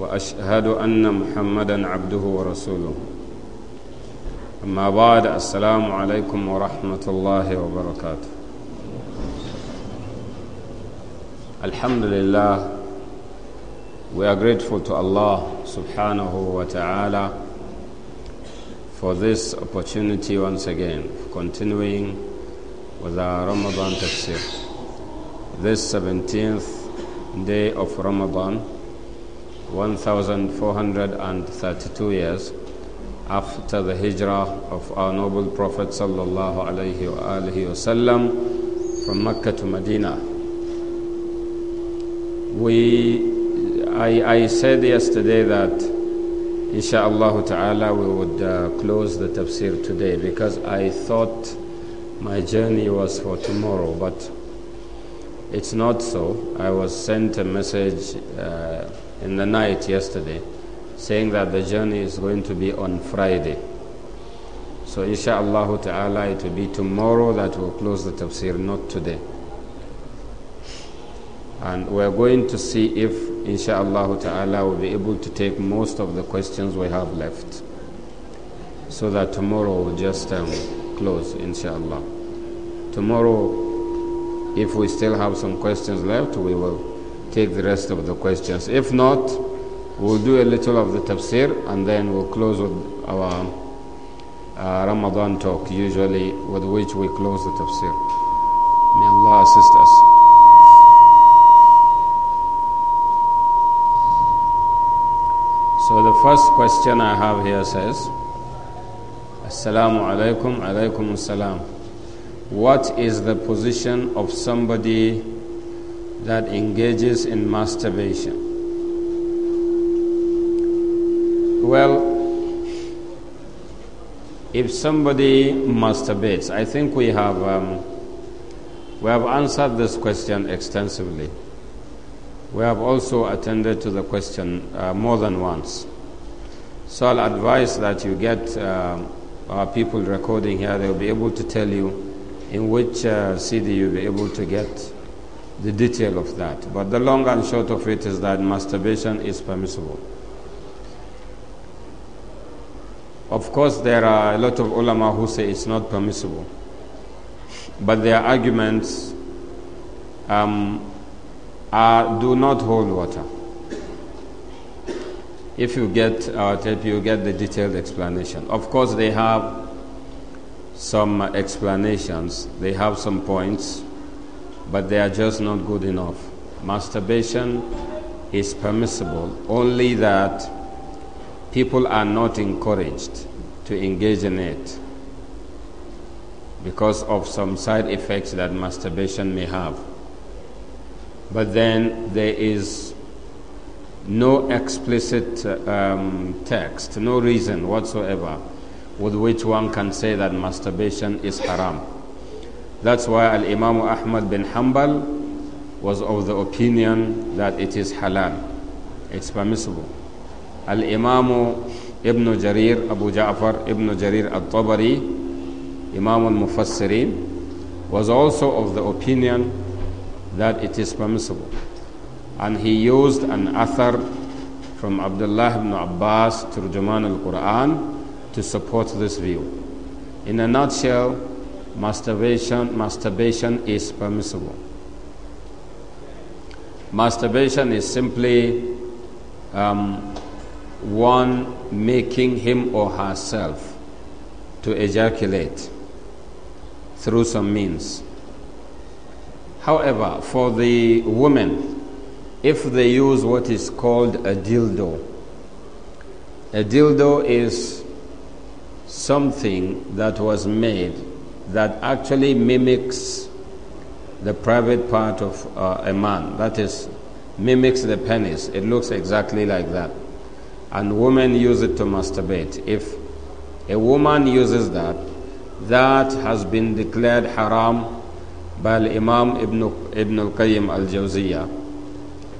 واشهد ان محمدا عبده ورسوله اما بعد السلام عليكم ورحمه الله وبركاته الحمد لله we are grateful to allah subhanahu wa ta'ala for this opportunity once again continuing with our ramadan tafsir this 17th day of ramadan 1432 years after the hijrah of our noble Prophet sallallahu alaihi wasallam from Mecca to Medina. We, I, I said yesterday that inshallah ta'ala we would uh, close the tafsir today because I thought my journey was for tomorrow, but it's not so. I was sent a message. Uh, in the night yesterday saying that the journey is going to be on Friday. So insha'Allah ta'ala it will be tomorrow that we will close the tafsir, not today. And we're going to see if insha'Allah ta'ala we'll be able to take most of the questions we have left. So that tomorrow we'll just um, close insha'Allah. Tomorrow if we still have some questions left we will take the rest of the questions. If not, we'll do a little of the tafsir and then we'll close with our uh, Ramadan talk, usually with which we close the tafsir. May Allah assist us. So the first question I have here says, Assalamu alaikum, alaikum assalam. What is the position of somebody that engages in masturbation? Well, if somebody masturbates, I think we have, um, we have answered this question extensively. We have also attended to the question uh, more than once. So I'll advise that you get uh, our people recording here, they'll be able to tell you in which uh, CD you'll be able to get the detail of that. But the long and short of it is that masturbation is permissible. Of course, there are a lot of ulama who say it's not permissible. But their arguments um, are, do not hold water. If you get our uh, tape, you get the detailed explanation. Of course, they have some explanations, they have some points but they are just not good enough. Masturbation is permissible, only that people are not encouraged to engage in it because of some side effects that masturbation may have. But then there is no explicit um, text, no reason whatsoever with which one can say that masturbation is haram. That's why Al Imam Ahmad bin Hanbal was of the opinion that it is halal, it's permissible. Al Imam Ibn Jarir, Abu Ja'far Ibn Jarir al Tabari, Imam al Mufassirin, was also of the opinion that it is permissible. And he used an athar from Abdullah ibn Abbas, Turjuman al Quran, to support this view. In a nutshell, masturbation, masturbation is permissible. Masturbation is simply um, one making him or herself to ejaculate through some means. However, for the women, if they use what is called a dildo, a dildo is something that was made that actually mimics the private part of uh, a man, that is, mimics the penis. It looks exactly like that. And women use it to masturbate. If a woman uses that, that has been declared haram by Imam Ibn, Ibn al-Qayyim al-Jawziyah.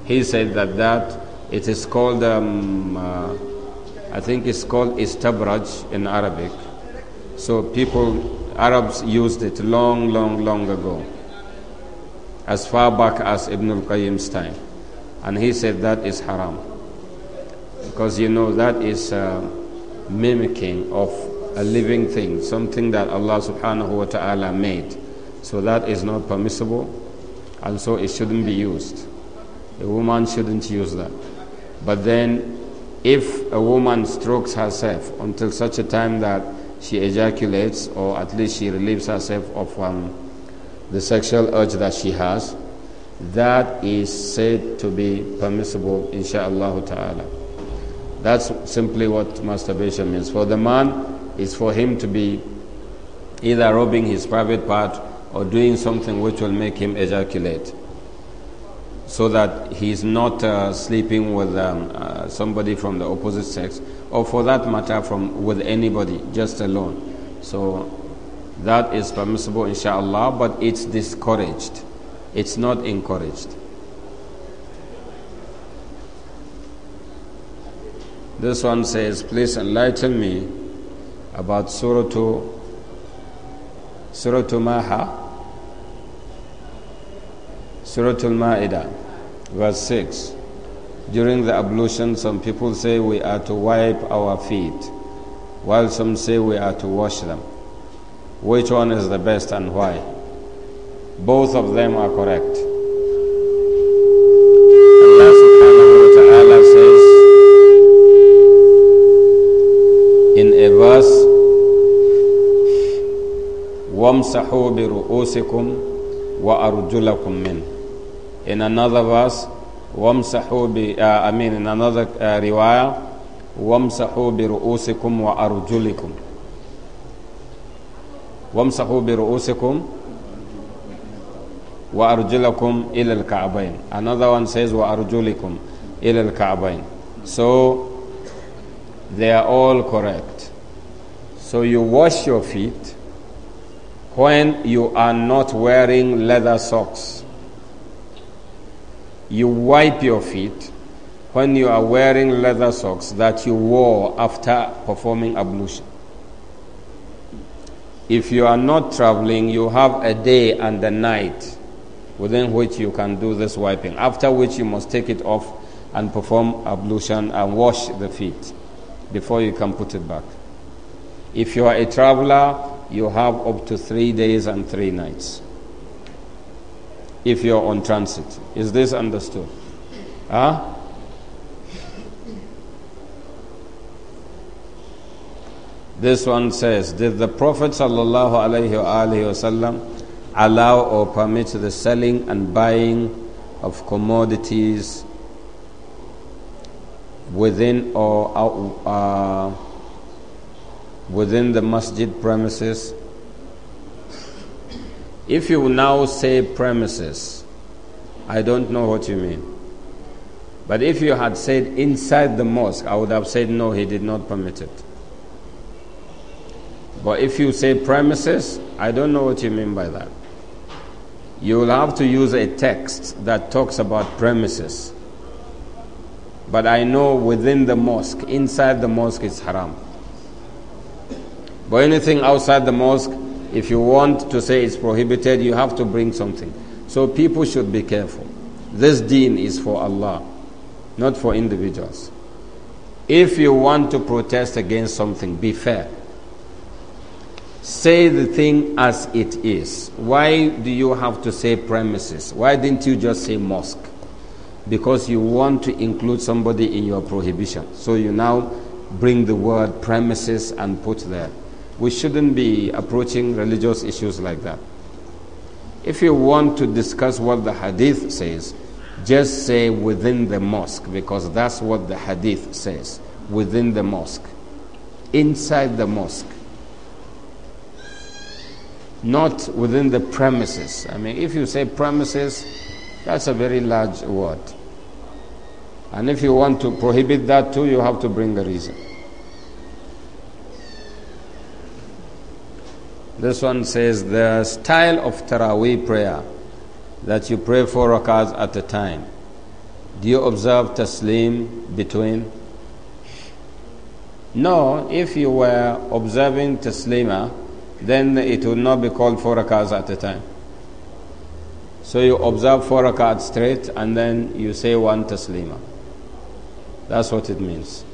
He said that that, it is called, um, uh, I think it's called istabraj in Arabic. So people Arabs used it long, long, long ago, as far back as Ibn al Qayyim's time. And he said that is haram. Because you know, that is uh, mimicking of a living thing, something that Allah subhanahu wa ta'ala made. So that is not permissible, and so it shouldn't be used. A woman shouldn't use that. But then, if a woman strokes herself until such a time that she ejaculates or at least she relieves herself of um, the sexual urge that she has, that is said to be permissible, insha'Allah ta'ala. That's simply what masturbation means. For the man, it's for him to be either rubbing his private part or doing something which will make him ejaculate so that he's not uh, sleeping with um, uh, somebody from the opposite sex or for that matter from with anybody just alone so that is permissible inshallah but it's discouraged it's not encouraged this one says please enlighten me about surah to surah to maha surah al-ma'idah verse 6 during the ablution, some people say we are to wipe our feet, while some say we are to wash them. Which one is the best and why? Both of them are correct. Allah subhanahu wa ta'ala says in a verse, وَامْسَحُوا بِرُؤُوسِكُمْ وَأَرْجُلَكُمْ مِنْ In another verse, وامسحوا ب uh, I mean uh, وامسحوا برؤوسكم وأرجلكم وامسحوا برؤوسكم وأرجلكم إلى الكعبين another one says وأرجلكم إلى الكعبين so they are all correct so you wash your feet when you are not wearing leather socks you wipe your feet when you are wearing leather socks that you wore after performing ablution. If you are not traveling, you have a day and a night within which you can do this wiping, after which you must take it off and perform ablution and wash the feet before you can put it back. If you are a traveler, you have up to three days and three nights if you're on transit. Is this understood? Huh? This one says, Did the Prophet allow or permit the selling and buying of commodities within or out, uh, within the masjid premises if you now say premises, I don't know what you mean. But if you had said inside the mosque, I would have said no, he did not permit it. But if you say premises, I don't know what you mean by that. You will have to use a text that talks about premises. But I know within the mosque, inside the mosque, it's haram. But anything outside the mosque, if you want to say it's prohibited, you have to bring something. So people should be careful. This deen is for Allah, not for individuals. If you want to protest against something, be fair. Say the thing as it is. Why do you have to say premises? Why didn't you just say mosque? Because you want to include somebody in your prohibition. So you now bring the word premises and put there we shouldn't be approaching religious issues like that. If you want to discuss what the hadith says, just say within the mosque because that's what the hadith says within the mosque, inside the mosque, not within the premises. I mean, if you say premises, that's a very large word. And if you want to prohibit that too, you have to bring a reason. This one says the style of Taraweeh prayer that you pray four rakats at a time. Do you observe taslim between? No, if you were observing taslima, then it would not be called four rakats at a time. So you observe four rakats straight and then you say one taslima. That's what it means.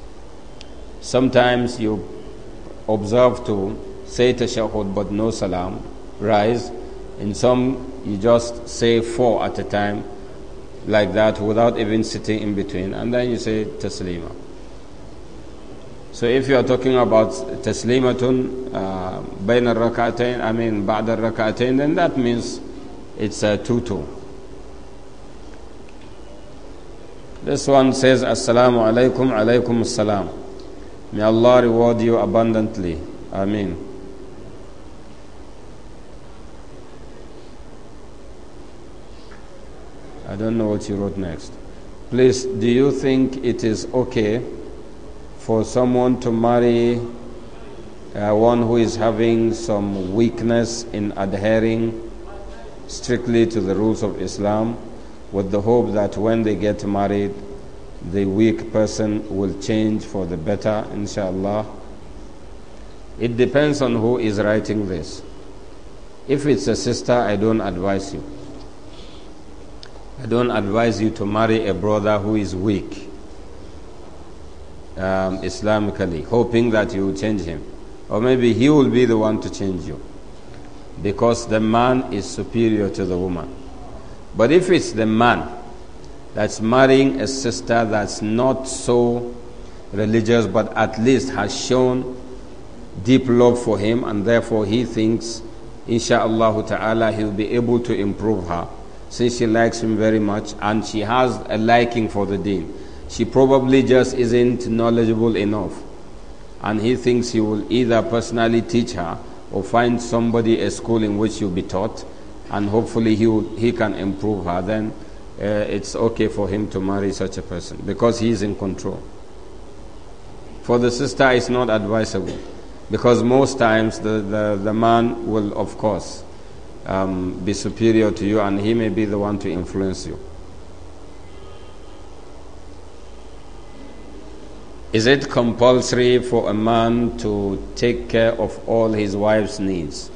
Sometimes you observe two say tashahud but no salam, rise. In some, you just say four at a time, like that, without even sitting in between, and then you say taslima. So if you are talking about taslimatun bayn uh, bayna rak'atain, I mean al rak'atain, then that means it's a two-two. This one says, Assalamu alaikum, alaikum assalam. May Allah reward you abundantly. Ameen. I don't know what you wrote next. Please, do you think it is okay for someone to marry uh, one who is having some weakness in adhering strictly to the rules of Islam with the hope that when they get married, the weak person will change for the better, inshallah? It depends on who is writing this. If it's a sister, I don't advise you I don't advise you to marry a brother who is weak um, Islamically, hoping that you will change him. Or maybe he will be the one to change you. Because the man is superior to the woman. But if it's the man that's marrying a sister that's not so religious, but at least has shown deep love for him, and therefore he thinks, inshallah ta'ala, he'll be able to improve her since she likes him very much and she has a liking for the deen. She probably just isn't knowledgeable enough. And he thinks he will either personally teach her or find somebody a school in which she will be taught and hopefully he, will, he can improve her. Then uh, it's okay for him to marry such a person because he is in control. For the sister, it's not advisable because most times the, the, the man will, of course, um, be superior to you and he may be the one to influence you. Is it compulsory for a man to take care of all his wife's needs?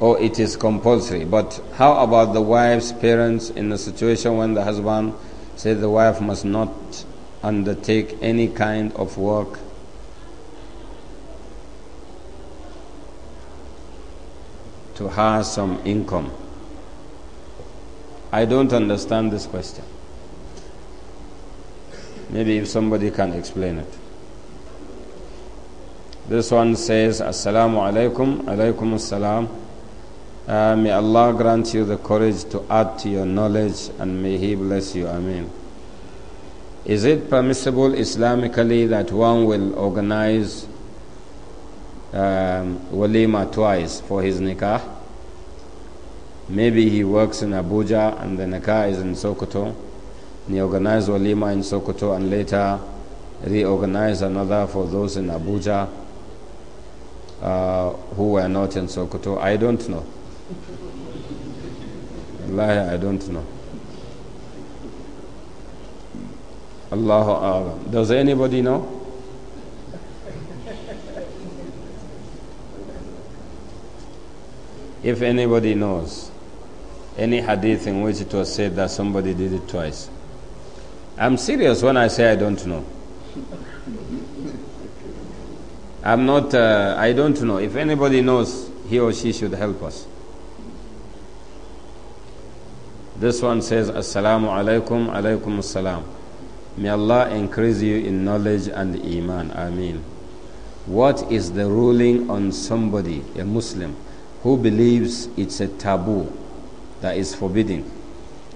Oh, it is compulsory. But how about the wife's parents in a situation when the husband says the wife must not undertake any kind of work to have some income? I don't understand this question. Maybe if somebody can explain it. This one says, Assalamu alaikum, alaikum assalam. Uh, may Allah grant you the courage to add to your knowledge and may He bless you. Amen. Is it permissible Islamically that one will organize um, walima twice for his nikah. Maybe he works in Abuja and the nikah is in Sokoto. he organized walima in Sokoto and later reorganized another for those in Abuja uh, who were not in Sokoto. I don't know. Wallahi, I don't know. Allahu Akbar. Does anybody know? If anybody knows any hadith in which it was said that somebody did it twice, I'm serious when I say I don't know. I'm not, uh, I don't know. If anybody knows, he or she should help us. This one says, Assalamu alaikum, alaikum assalam. May Allah increase you in knowledge and Iman. Ameen. What is the ruling on somebody, a Muslim, who believes it's a taboo that is forbidden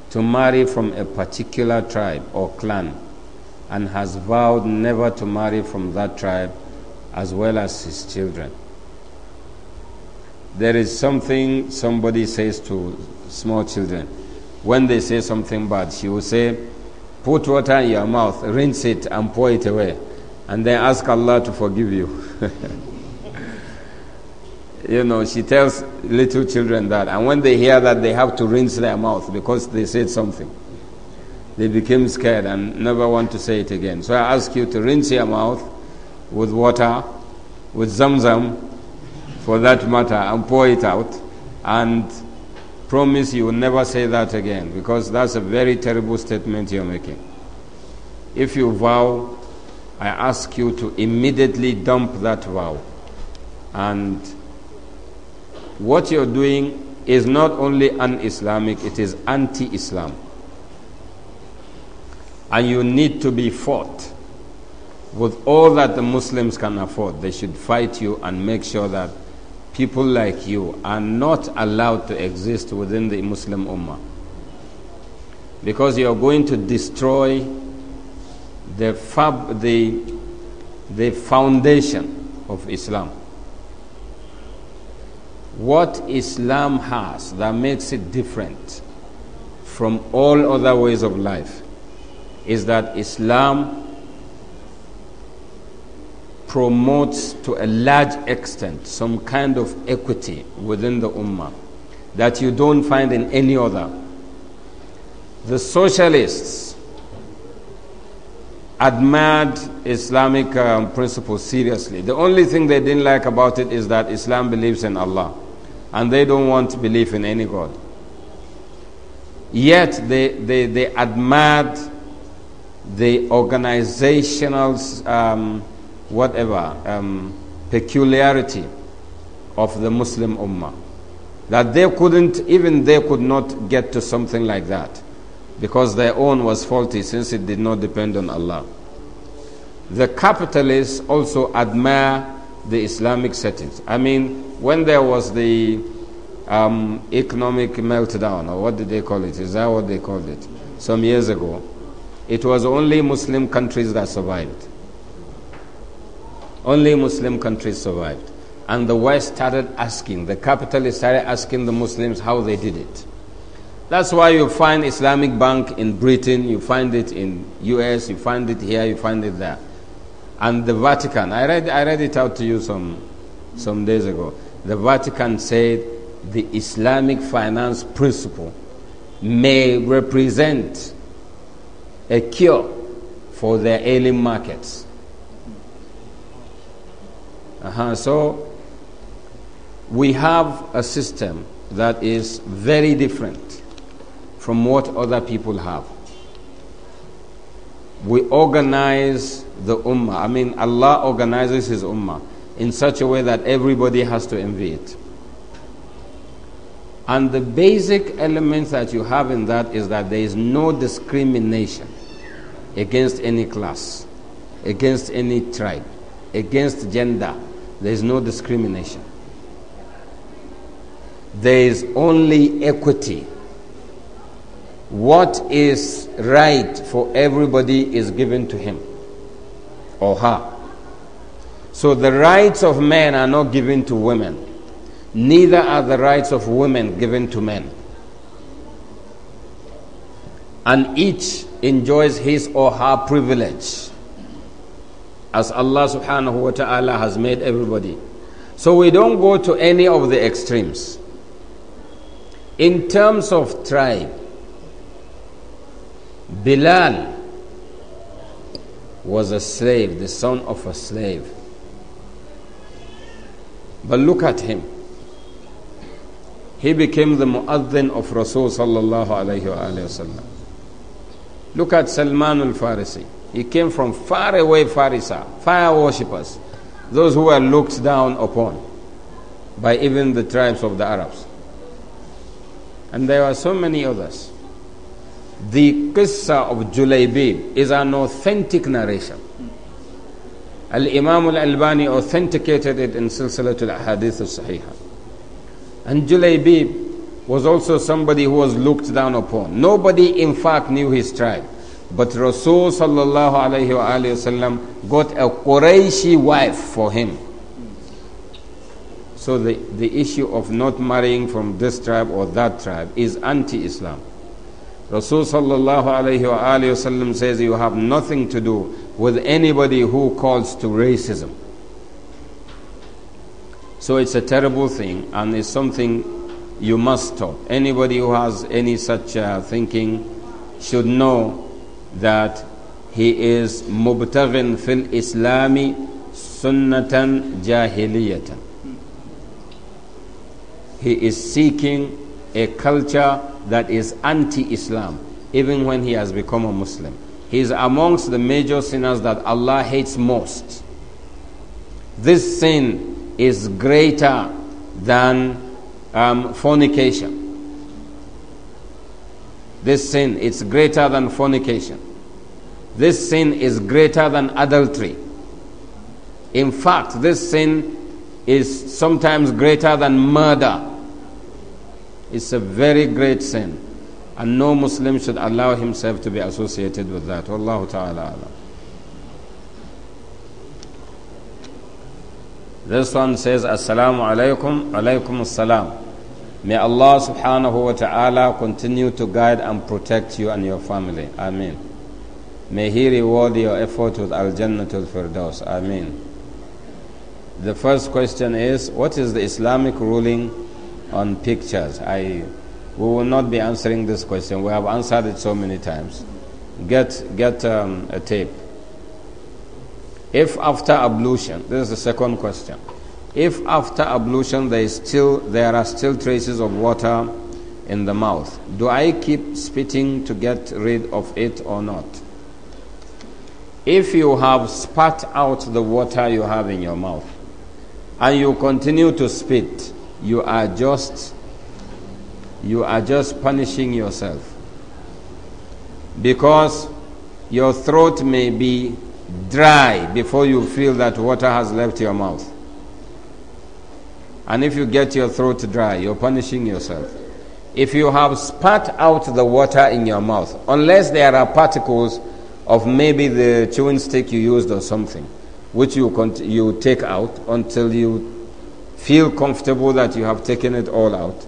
to marry from a particular tribe or clan and has vowed never to marry from that tribe as well as his children. There is something somebody says to small children. When they say something bad, she will say, Put water in your mouth, rinse it, and pour it away, and then ask Allah to forgive you. you know, she tells little children that. And when they hear that, they have to rinse their mouth because they said something. They became scared and never want to say it again. So I ask you to rinse your mouth with water, with zamzam, for that matter, and pour it out. And promise you will never say that again because that's a very terrible statement you're making. If you vow, I ask you to immediately dump that vow and what you're doing is not only un-Islamic, it is anti-Islam. And you need to be fought with all that the Muslims can afford. They should fight you and make sure that people like you are not allowed to exist within the Muslim Ummah. Because you are going to destroy the, fab, the, the foundation of Islam what Islam has that makes it different from all other ways of life is that Islam promotes to a large extent some kind of equity within the Ummah that you don't find in any other. The socialists admired Islamic um, principles seriously. The only thing they didn't like about it is that Islam believes in Allah and they don't want believe in any God. Yet they, they, they admired the organizational, um, whatever, um, peculiarity of the Muslim Ummah. That they couldn't, even they could not get to something like that because their own was faulty since it did not depend on Allah. The capitalists also admire the Islamic settings. I mean, when there was the um, economic meltdown, or what did they call it? Is that what they called it? Some years ago, it was only Muslim countries that survived. Only Muslim countries survived. And the West started asking, the capitalists started asking the Muslims how they did it. That's why you find Islamic Bank in Britain, you find it in US, you find it here, you find it there. And the Vatican, I read, I read it out to you some, some days ago. The Vatican said the Islamic finance principle may represent a cure for their ailing markets. Uh -huh. So we have a system that is very different from what other people have. We organize the ummah. I mean, Allah organizes His ummah in such a way that everybody has to envy it. And the basic element that you have in that is that there is no discrimination against any class, against any tribe, against gender. There is no discrimination. There is only equity what is right for everybody is given to him or her. So the rights of men are not given to women, neither are the rights of women given to men. And each enjoys his or her privilege as Allah subhanahu wa ta'ala has made everybody. So we don't go to any of the extremes. In terms of tribe, Bilal was a slave, the son of a slave. But look at him. He became the muaddin of Rasul sallallahu alayhi wa Look at Salman al-Farisi. He came from far away Farisa, fire worshippers, those who were looked down upon by even the tribes of the Arabs. And there were so many others. The Qissa of Julaybib is an authentic narration. Al Imam Al Albani authenticated it in Silsilatul Hadith al Sahihah. And Julaybib was also somebody who was looked down upon. Nobody, in fact, knew his tribe. But Rasul sallallahu alayhi wa sallam got a Qurayshi wife for him. So the, the issue of not marrying from this tribe or that tribe is anti Islam. Rasul sallallahu alayhi wa alayhi says you have nothing to do with anybody who calls to racism. So it's a terrible thing and it's something you must stop. Anybody who has any such uh, thinking should know that he is mubtaghin fil islami sunnatan jahiliyatan. He is seeking a culture that is anti Islam, even when he has become a Muslim. He is amongst the major sinners that Allah hates most. This sin is greater than um, fornication. This sin is greater than fornication. This sin is greater than adultery. In fact, this sin is sometimes greater than murder it's a very great sin. And no Muslim should allow himself to be associated with that. Wallahu ta'ala This one says, Assalamu alaikum, alaikum assalam. May Allah subhanahu wa ta'ala continue to guide and protect you and your family. Amen. May He reward your effort with Al Jannatul Firdaus. Amen. The first question is What is the Islamic ruling on pictures. I, we will not be answering this question. We have answered it so many times. Get, get um, a tape. If after ablution, this is the second question. If after ablution there is still there are still traces of water in the mouth, do I keep spitting to get rid of it or not? If you have spat out the water you have in your mouth and you continue to spit, you are just you are just punishing yourself because your throat may be dry before you feel that water has left your mouth and if you get your throat dry you're punishing yourself if you have spat out the water in your mouth unless there are particles of maybe the chewing stick you used or something which you you take out until you Feel comfortable that you have taken it all out.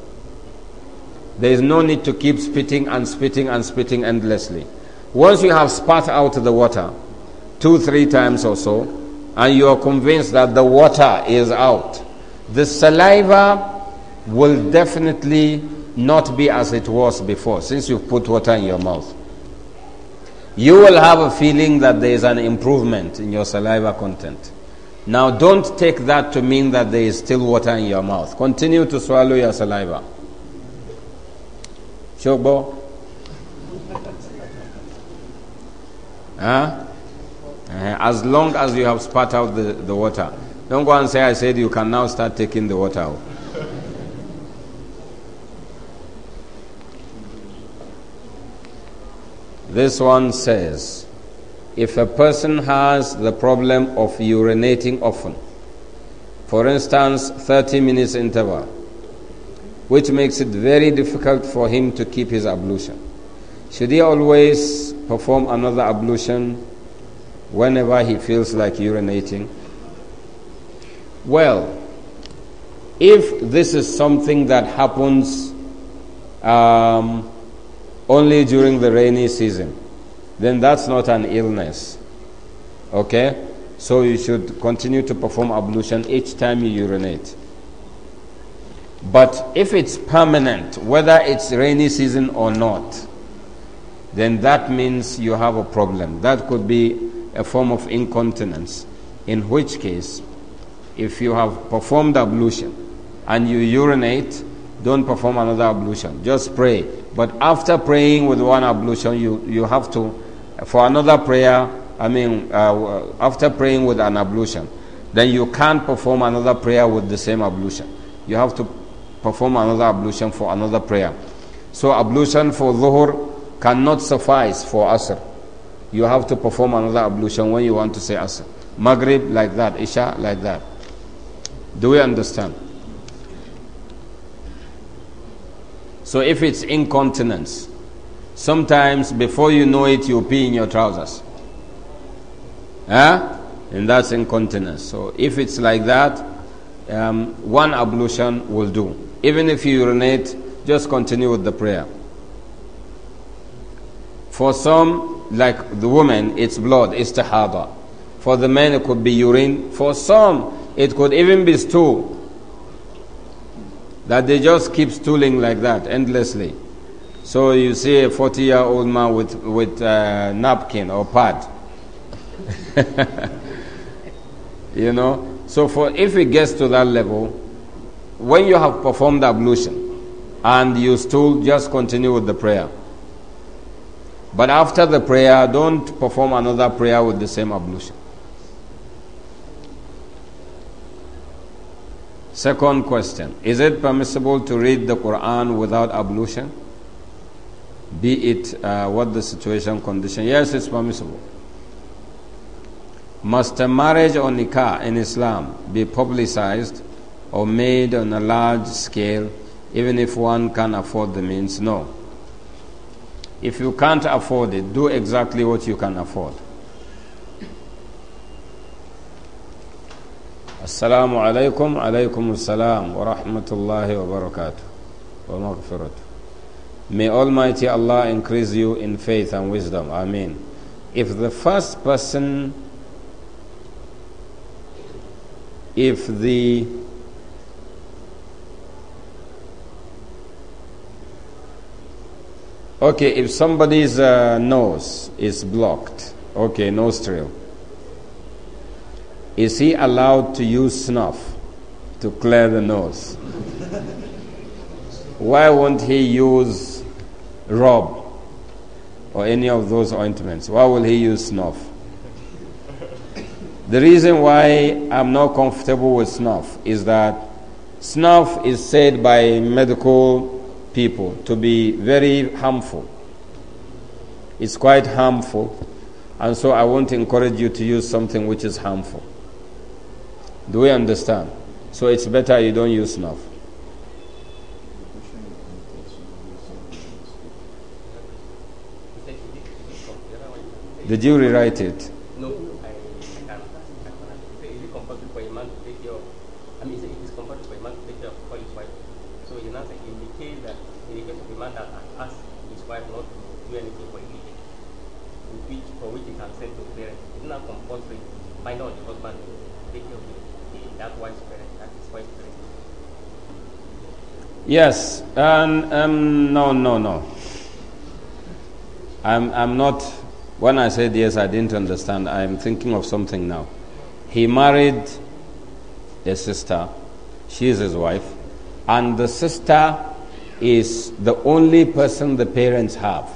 There is no need to keep spitting and spitting and spitting endlessly. Once you have spat out the water, two, three times or so, and you are convinced that the water is out, the saliva will definitely not be as it was before since you've put water in your mouth. You will have a feeling that there is an improvement in your saliva content. Now, don't take that to mean that there is still water in your mouth. Continue to swallow your saliva. Chobo, Huh? Uh-huh. As long as you have spat out the, the water. Don't go and say, I said you can now start taking the water out. This one says, if a person has the problem of urinating often, for instance, 30 minutes interval, which makes it very difficult for him to keep his ablution. Should he always perform another ablution whenever he feels like urinating? Well, if this is something that happens um, only during the rainy season, then that's not an illness. Okay? So you should continue to perform ablution each time you urinate. But if it's permanent, whether it's rainy season or not, then that means you have a problem. That could be a form of incontinence, in which case, if you have performed ablution and you urinate, don't perform another ablution. Just pray. But after praying with one ablution, you, you have to for another prayer, I mean, uh, after praying with an ablution, then you can't perform another prayer with the same ablution. You have to perform another ablution for another prayer. So, ablution for Dhuhr cannot suffice for Asr. You have to perform another ablution when you want to say Asr. Maghrib, like that. Isha, like that. Do we understand? So, if it's incontinence, Sometimes, before you know it, you pee in your trousers. Huh? And that's incontinence. So, if it's like that, um, one ablution will do. Even if you urinate, just continue with the prayer. For some, like the woman, it's blood, it's istihada. For the men, it could be urine. For some, it could even be stool. That they just keep stooling like that endlessly. So you see a 40 year old man with, with a uh, napkin or pad. you know? So for if it gets to that level, when you have performed ablution and you still just continue with the prayer. But after the prayer, don't perform another prayer with the same ablution. Second question Is it permissible to read the Quran without ablution? be it uh, what the situation condition. Yes, it's permissible. Must a marriage or nikah in Islam be publicized or made on a large scale, even if one can afford the means? No. If you can't afford it, do exactly what you can afford. السلام عليكم عليكم السلام ورحمة الله وبركاته ومغفرته May Almighty Allah increase you in faith and wisdom. Amen. If the first person, if the Okay, if somebody's uh, nose is blocked, okay, nostril, is he allowed to use snuff to clear the nose? Why won't he use rub, or any of those ointments? Why will he use snuff? The reason why I'm not comfortable with snuff is that snuff is said by medical people to be very harmful. It's quite harmful, and so I won't encourage you to use something which is harmful. Do we understand? So it's better you don't use snuff. Did you rewrite it? No, I, I, I Is it compulsory for a man to take care of, I mean, it is compulsory for a man to take care of his wife. So in answer, in the case that, in the case of a man that has his wife not to do anything for a which, for which he can send to parents, it's not compulsory, find out the husband to take care of the, that wife's parents, that his wife's parents. Yes, um, um, no, no, no. I'm, I'm not when I said yes, I didn't understand. I'm thinking of something now. He married a sister, she is his wife, and the sister is the only person the parents have.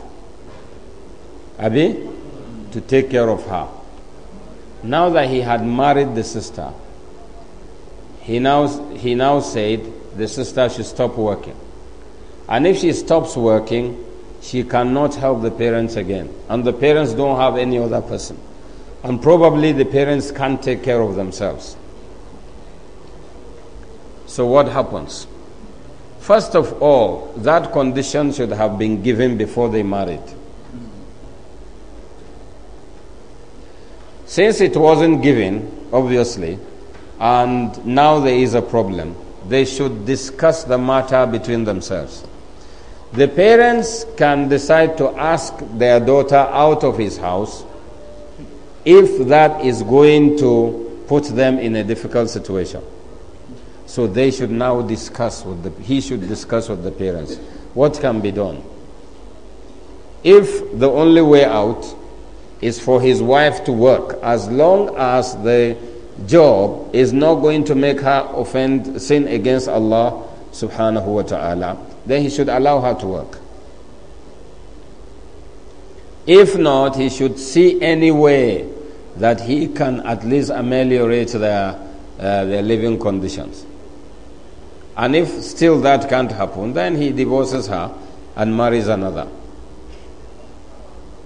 Abi? To take care of her. Now that he had married the sister, he now, he now said the sister should stop working. And if she stops working, she cannot help the parents again. And the parents don't have any other person. And probably the parents can't take care of themselves. So, what happens? First of all, that condition should have been given before they married. Since it wasn't given, obviously, and now there is a problem, they should discuss the matter between themselves. The parents can decide to ask their daughter out of his house if that is going to put them in a difficult situation. So they should now discuss with the, he should discuss with the parents what can be done. If the only way out is for his wife to work, as long as the job is not going to make her offend sin against Allah subhanahu wa ta'ala, then he should allow her to work. If not, he should see any way that he can at least ameliorate their, uh, their living conditions. And if still that can't happen, then he divorces her and marries another.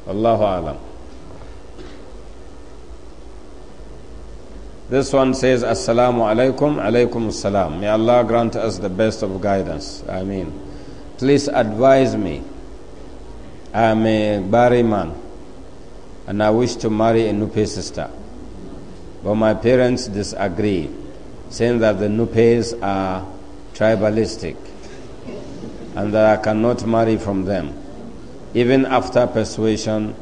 Allahu Alam. This one says, Assalamu alaikum, alaikum assalam. May Allah grant us the best of guidance. I mean. Please advise me. I'm a Bari man and I wish to marry a Nupe sister. But my parents disagree, saying that the Nupes are tribalistic and that I cannot marry from them. Even after persuasion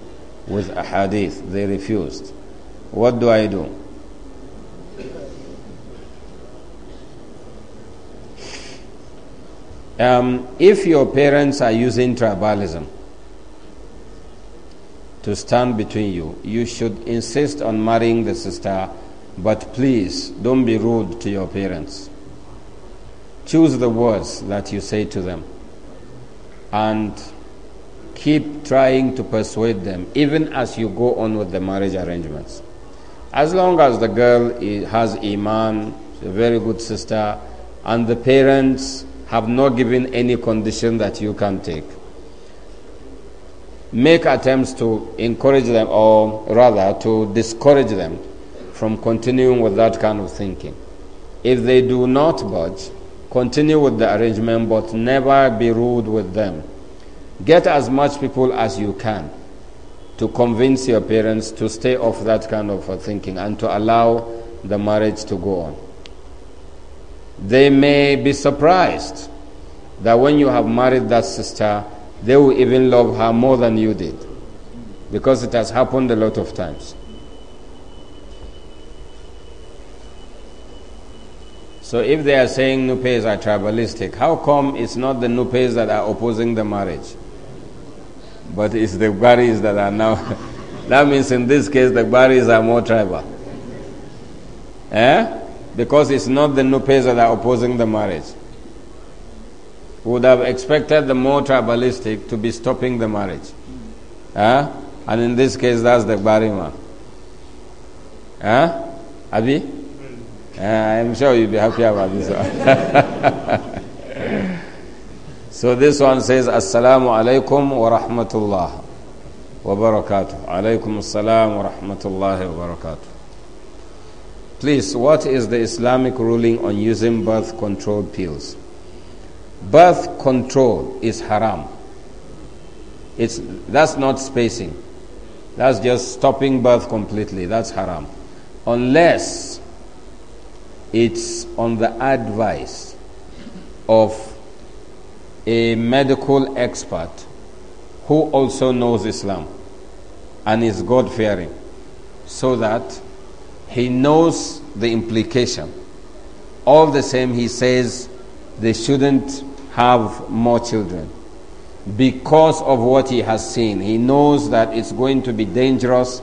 with a hadith, they refused. What do I do? Um, if your parents are using tribalism to stand between you, you should insist on marrying the sister, but please don't be rude to your parents. Choose the words that you say to them and keep trying to persuade them, even as you go on with the marriage arrangements. As long as the girl has Iman, a very good sister, and the parents have not given any condition that you can take. Make attempts to encourage them, or rather to discourage them from continuing with that kind of thinking. If they do not budge, continue with the arrangement, but never be rude with them. Get as much people as you can to convince your parents to stay off that kind of thinking and to allow the marriage to go on. They may be surprised that when you have married that sister, they will even love her more than you did. Because it has happened a lot of times. So if they are saying Nupes are tribalistic, how come it's not the Nupes that are opposing the marriage? But it's the Gbaris that are now. that means in this case, the Gbaris are more tribal. Eh? because it's not the Nupes that are opposing the marriage. Would have expected the more tribalistic to be stopping the marriage. Huh? And in this case, that's the Barima. Huh? Abi? Uh, I'm sure you'll be happy about this one. so this one says, Assalamu alaikum wa rahmatullah wa barakatuh. Alaykum assalam wa rahmatullahi wa barakatuh. Please, what is the Islamic ruling on using birth control pills? Birth control is haram. It's, that's not spacing. That's just stopping birth completely. That's haram. Unless it's on the advice of a medical expert who also knows Islam and is God fearing, so that he knows the implication. All the same, he says they shouldn't have more children because of what he has seen. He knows that it's going to be dangerous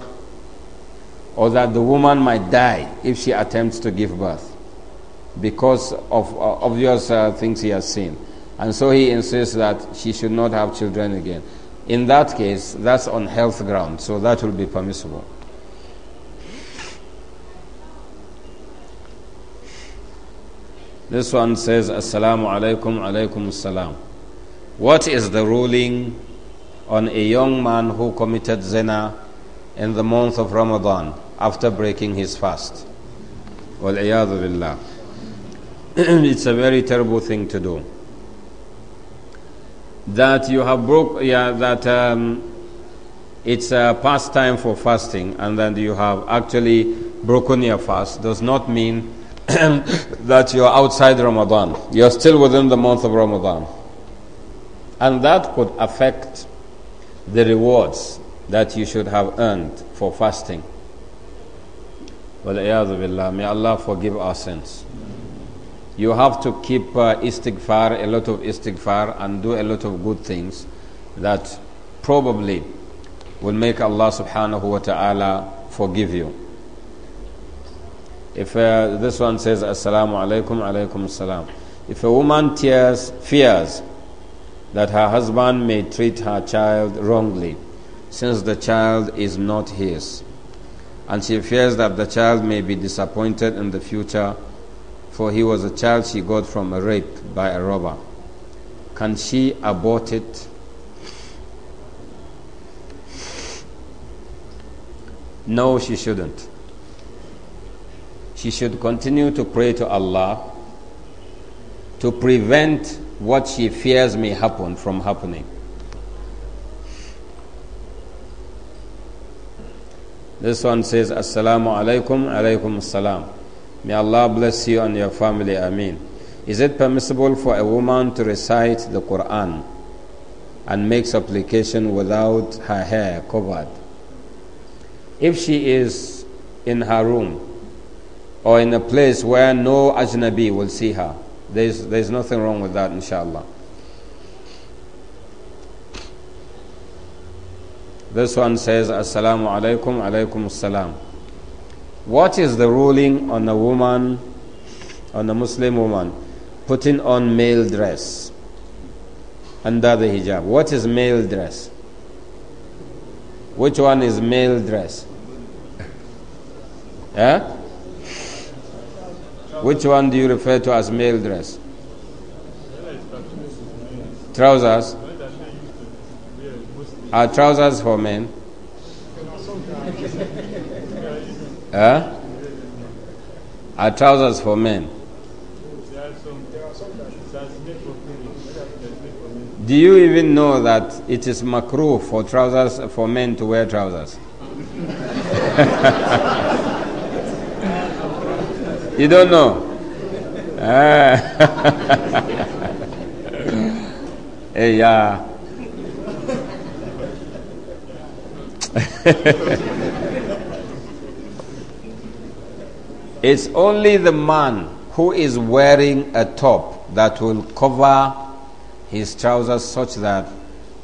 or that the woman might die if she attempts to give birth because of uh, obvious uh, things he has seen. And so he insists that she should not have children again. In that case, that's on health grounds, so that will be permissible. This one says, Assalamu alaikum, alaikum assalam. What is the ruling on a young man who committed zina in the month of Ramadan after breaking his fast? Well, it's a very terrible thing to do. That you have broke, yeah, that um, it's a pastime for fasting and then you have actually broken your fast does not mean that you're outside Ramadan. You're still within the month of Ramadan. And that could affect the rewards that you should have earned for fasting. Billah. May Allah forgive our sins. You have to keep uh, istighfar, a lot of istighfar, and do a lot of good things that probably will make Allah subhanahu wa ta'ala forgive you. If uh, this one says, Assalamu alaikum, alaikum salam," If a woman tears, fears that her husband may treat her child wrongly, since the child is not his, and she fears that the child may be disappointed in the future, for he was a child she got from a rape by a robber, can she abort it? No, she shouldn't she should continue to pray to Allah to prevent what she fears may happen from happening. This one says, Assalamu alaikum, alaikum assalam. May Allah bless you and your family, Amin. Is it permissible for a woman to recite the Quran and make supplication without her hair covered? If she is in her room, or in a place where no ajnabi will see her. There's, there's nothing wrong with that, inshallah. This one says, Assalamu alaikum, alaikum assalam. What is the ruling on a woman, on a Muslim woman, putting on male dress under the hijab? What is male dress? Which one is male dress? Yeah? Which one do you refer to as male dress? Trousers. Are trousers for men? Huh? Are trousers for men? Do you even know that it is makruh for trousers for men to wear trousers? You don't know. hey, eh. eh, yeah. it's only the man who is wearing a top that will cover his trousers such that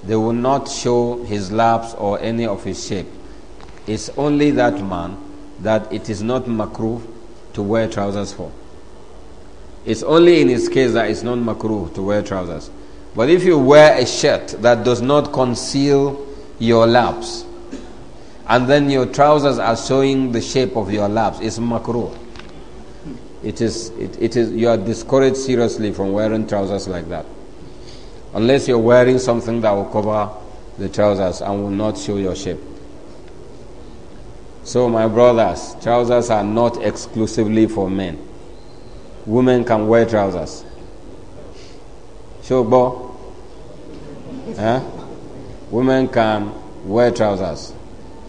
they will not show his laps or any of his shape. It's only that man that it is not makruh to wear trousers for. It's only in his case that it's not makruh to wear trousers. But if you wear a shirt that does not conceal your laps, and then your trousers are showing the shape of your laps, it's makruh. It is, it, it is, you are discouraged seriously from wearing trousers like that. Unless you're wearing something that will cover the trousers and will not show your shape. So, my brothers, trousers are not exclusively for men. Women can wear trousers. Shobo? Huh? Eh? Women can wear trousers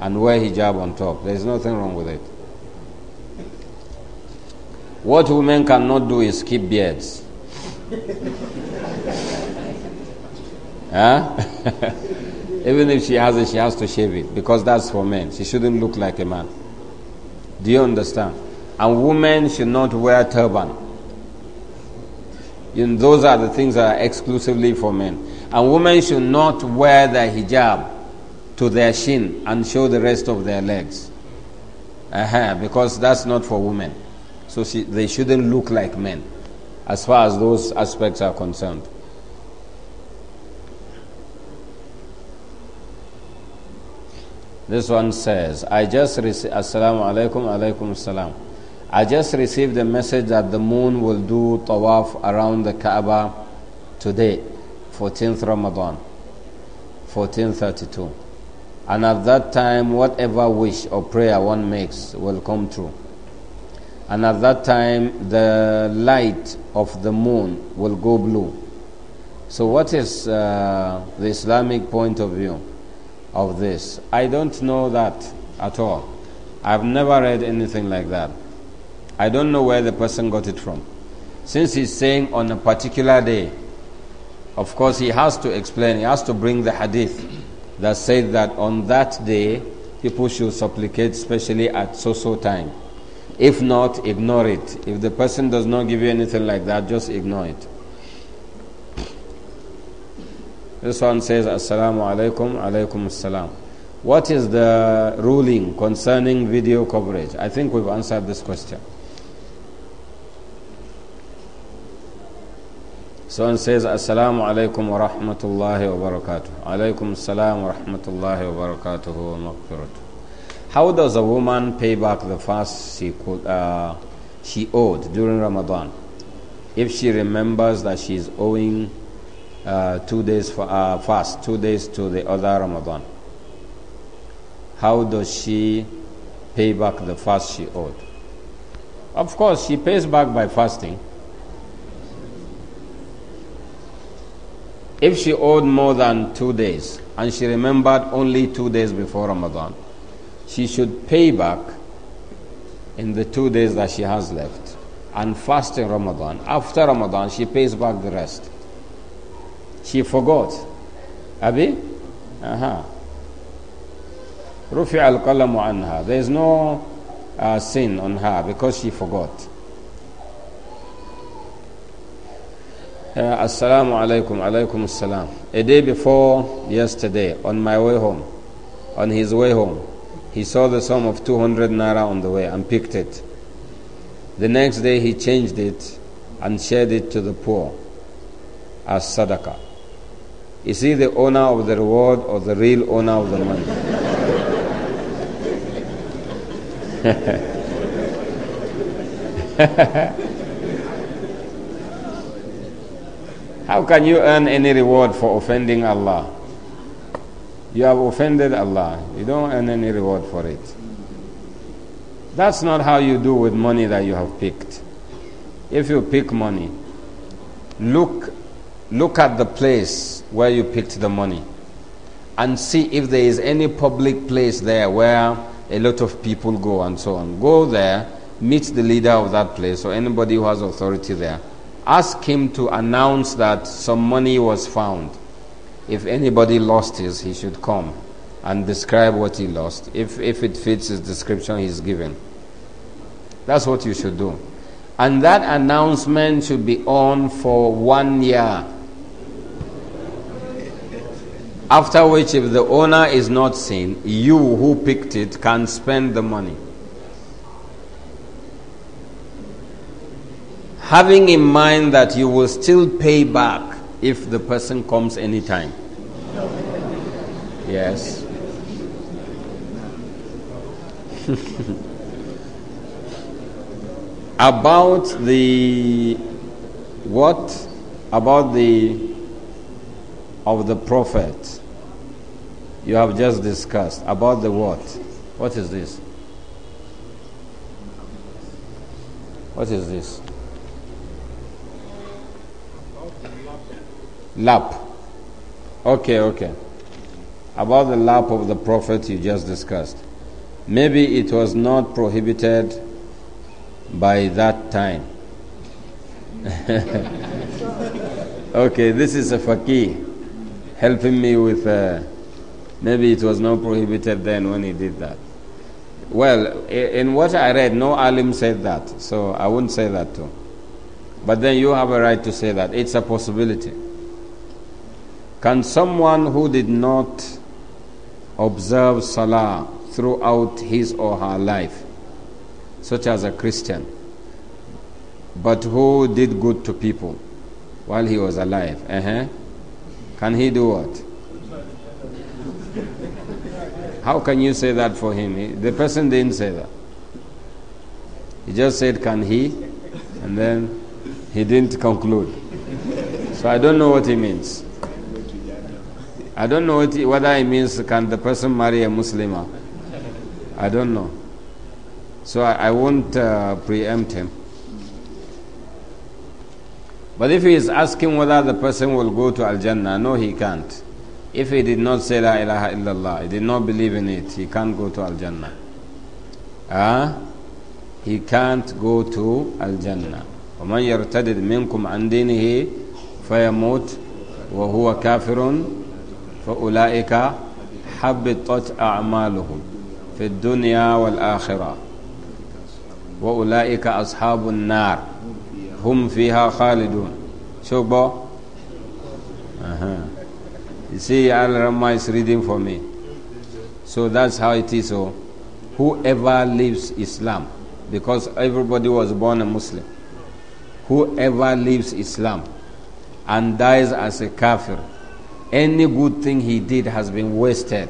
and wear hijab on top. There is nothing wrong with it. What women cannot do is keep beards. huh? Eh? Even if she has it, she has to shave it because that's for men. She shouldn't look like a man. Do you understand? And women should not wear turban. You know, those are the things that are exclusively for men. And women should not wear their hijab to their shin and show the rest of their legs. Uh-huh, because that's not for women. So she, they shouldn't look like men as far as those aspects are concerned. This one says, I just received, Assalamu alaikum, alaikum I just received a message that the moon will do tawaf around the Kaaba today, 14th Ramadan, 1432. And at that time, whatever wish or prayer one makes will come true. And at that time, the light of the moon will go blue. So, what is uh, the Islamic point of view? of this. I don't know that at all. I've never read anything like that. I don't know where the person got it from. Since he's saying on a particular day, of course, he has to explain, he has to bring the hadith that said that on that day, people should supplicate, especially at so so time. If not, ignore it. If the person does not give you anything like that, just ignore it. This one says, Assalamu alaikum, alaikum assalam. What is the ruling concerning video coverage? I think we've answered this question. Someone says, Assalamu alaikum wa rahmatullahi wa barakatuh. Alaikum assalam wa rahmatullahi wa barakatuh wa maghfiratuh. How does a woman pay back the fast she, could, uh, she owed during Ramadan if she remembers that she is owing uh, two days for, uh, fast, two days to the other Ramadan. How does she pay back the fast she owed? Of course, she pays back by fasting. If she owed more than two days and she remembered only two days before Ramadan, she should pay back in the two days that she has left and fast in Ramadan. After Ramadan, she pays back the rest. She forgot. Abi? Aha. Rufi al qalamu anha. There is no uh, sin on her because she forgot. Uh, assalamu alaikum, alaikum assalam. A day before yesterday, on my way home, on his way home, he saw the sum of 200 naira on the way and picked it. The next day he changed it and shared it to the poor as sadaqah. Is he the owner of the reward or the real owner of the money? How can you earn any reward for offending Allah? You have offended Allah. You don't earn any reward for it. That's not how you do with money that you have picked. If you pick money, look look at the place where you picked the money and see if there is any public place there where a lot of people go and so on. Go there, meet the leader of that place or anybody who has authority there. Ask him to announce that some money was found. If anybody lost his, he should come and describe what he lost. If, if it fits his description, he's given. That's what you should do. And that announcement should be on for one year after which, if the owner is not seen, you who picked it can spend the money. Having in mind that you will still pay back if the person comes anytime. Yes. about the what about the of the prophet you have just discussed about the what? What is this? What is this? Lap. Okay, okay. About the lap of the Prophet you just discussed. Maybe it was not prohibited by that time. okay, this is a faqih helping me with. Uh, Maybe it was not prohibited then when he did that. Well, in what I read, no alim said that, so I wouldn't say that too. But then you have a right to say that. It's a possibility. Can someone who did not observe salah throughout his or her life, such as a Christian, but who did good to people while he was alive, uh -huh. can he do what? How can you say that for him? He, the person didn't say that. He just said, Can he? And then he didn't conclude. So I don't know what he means. I don't know he, whether he means, Can the person marry a Muslim? I don't know. So I, I won't uh, preempt him. But if he is asking whether the person will go to Al Jannah, no, he can't. If he did not say La ilaha illallah, he did not believe in it, he can't go to Al Jannah. Ah? Huh? He can't go to Al Jannah. ومن يرتد منكم عن دينه فيموت وهو كافر فأولئك حبطت أعمالهم في الدنيا والآخرة وأولئك أصحاب النار هم فيها خالدون شوفوا أها you see, Al Rama is reading for me. So that's how it is. So, whoever leaves Islam, because everybody was born a Muslim, whoever leaves Islam and dies as a kafir, any good thing he did has been wasted.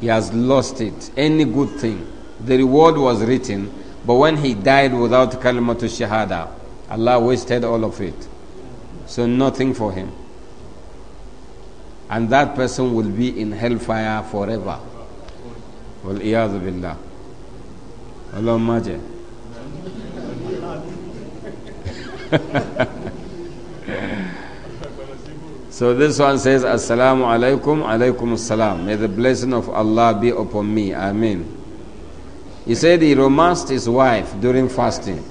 He has lost it. Any good thing. The reward was written, but when he died without kalimatu shahada, Allah wasted all of it. So nothing for him and that person will be in hellfire forever. والعياذ بالله اللهم اجل So this one says, Assalamu alaikum, alaikum assalam. May the blessing of Allah be upon me. Amen. He said he romanced his wife during fasting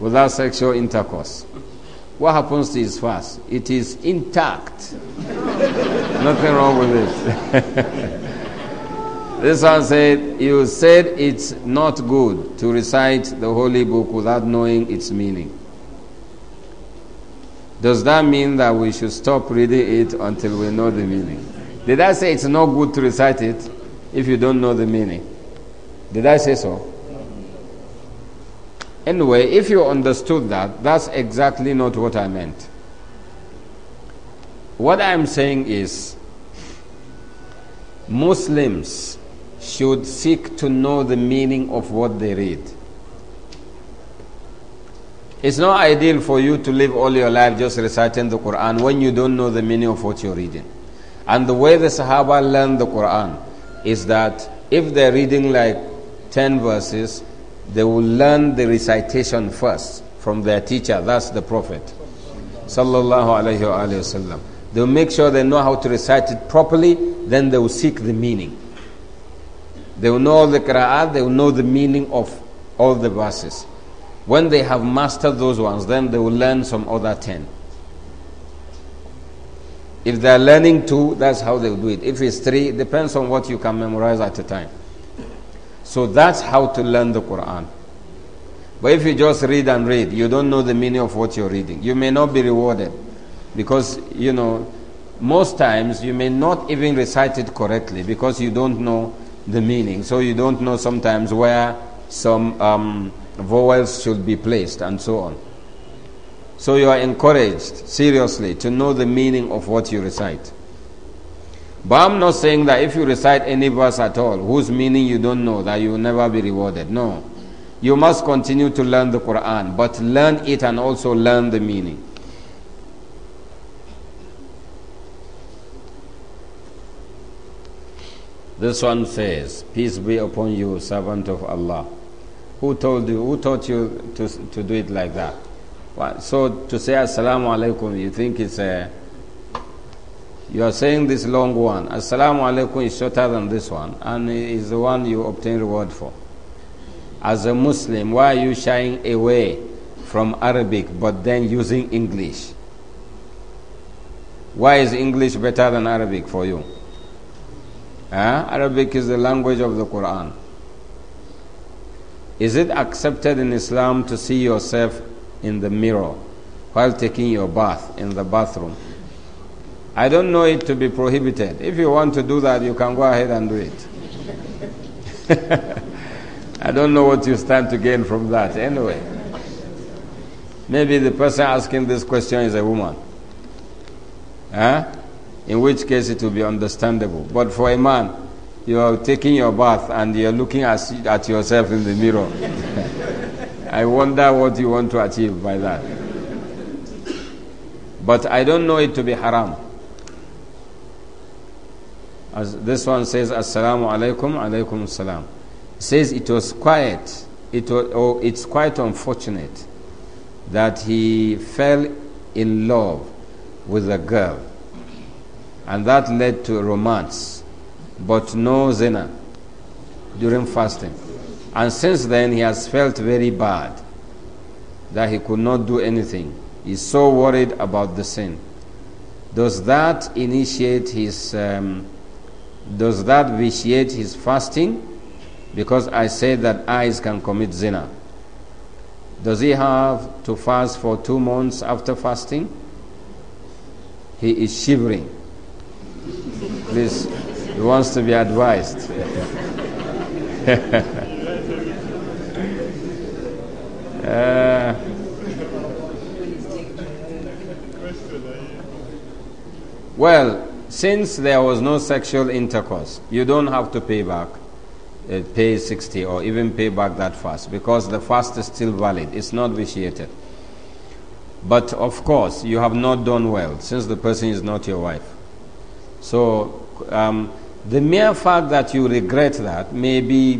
without sexual intercourse. What happens to his fast? It is intact. Nothing wrong with it. this one said, You said it's not good to recite the holy book without knowing its meaning. Does that mean that we should stop reading it until we know the meaning? Did I say it's not good to recite it if you don't know the meaning? Did I say so? Anyway, if you understood that, that's exactly not what I meant. What I'm saying is, Muslims should seek to know the meaning of what they read. It's not ideal for you to live all your life just reciting the Quran when you don't know the meaning of what you're reading. And the way the Sahaba learned the Quran is that if they're reading like 10 verses, they will learn the recitation first from their teacher, that's the Prophet. Sallallahu alaihi wasallam. They'll make sure they know how to recite it properly, then they will seek the meaning. They will know all the qira'at, they will know the meaning of all the verses. When they have mastered those ones, then they will learn some other ten. If they are learning two, that's how they will do it. If it's three, it depends on what you can memorize at a time. So that's how to learn the Quran. But if you just read and read, you don't know the meaning of what you're reading. You may not be rewarded because, you know, most times you may not even recite it correctly because you don't know the meaning. So you don't know sometimes where some um, vowels should be placed and so on. So you are encouraged seriously to know the meaning of what you recite. But I'm not saying that if you recite any verse at all, whose meaning you don't know, that you will never be rewarded. No. You must continue to learn the Quran, but learn it and also learn the meaning. This one says, Peace be upon you, servant of Allah. Who told you, who taught you to, to do it like that? So to say Assalamu alaikum, you think it's a you are saying this long one. Assalamu alaikum is shorter than this one and is the one you obtain reward for. As a Muslim, why are you shying away from Arabic but then using English? Why is English better than Arabic for you? Eh? Arabic is the language of the Quran. Is it accepted in Islam to see yourself in the mirror while taking your bath in the bathroom? I don't know it to be prohibited. If you want to do that, you can go ahead and do it. I don't know what you stand to gain from that anyway. Maybe the person asking this question is a woman. Huh? In which case it will be understandable. But for a man, you are taking your bath and you're looking at, at yourself in the mirror. I wonder what you want to achieve by that. But I don't know it to be haram. As this one says, Assalamu alaikum, alaikum salam. Says it was quiet. It was, oh, it's quite unfortunate that he fell in love with a girl. And that led to romance, but no zina during fasting. And since then, he has felt very bad that he could not do anything. He's so worried about the sin. Does that initiate his um, does that vitiate his fasting? Because I say that eyes can commit zina. Does he have to fast for two months after fasting? He is shivering. Please, he wants to be advised. uh, well, since there was no sexual intercourse, you don't have to pay back, uh, pay 60 or even pay back that fast because the fast is still valid. It's not vitiated. But of course, you have not done well since the person is not your wife. So, um, the mere fact that you regret that may, be,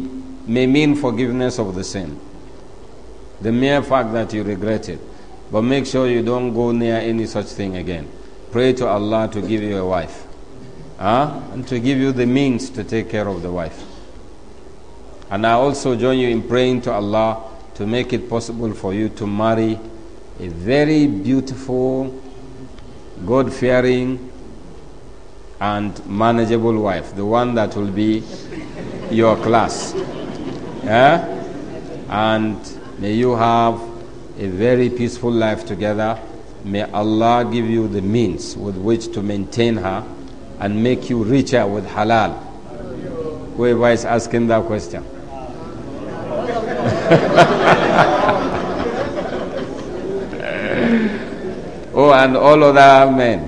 may mean forgiveness of the sin. The mere fact that you regret it. But make sure you don't go near any such thing again. Pray to Allah to give you a wife huh? and to give you the means to take care of the wife. And I also join you in praying to Allah to make it possible for you to marry a very beautiful, God fearing, and manageable wife, the one that will be your class. Yeah? And may you have a very peaceful life together. May Allah give you the means with which to maintain her and make you richer with halal. Whoever is asking that question. oh, and all other men.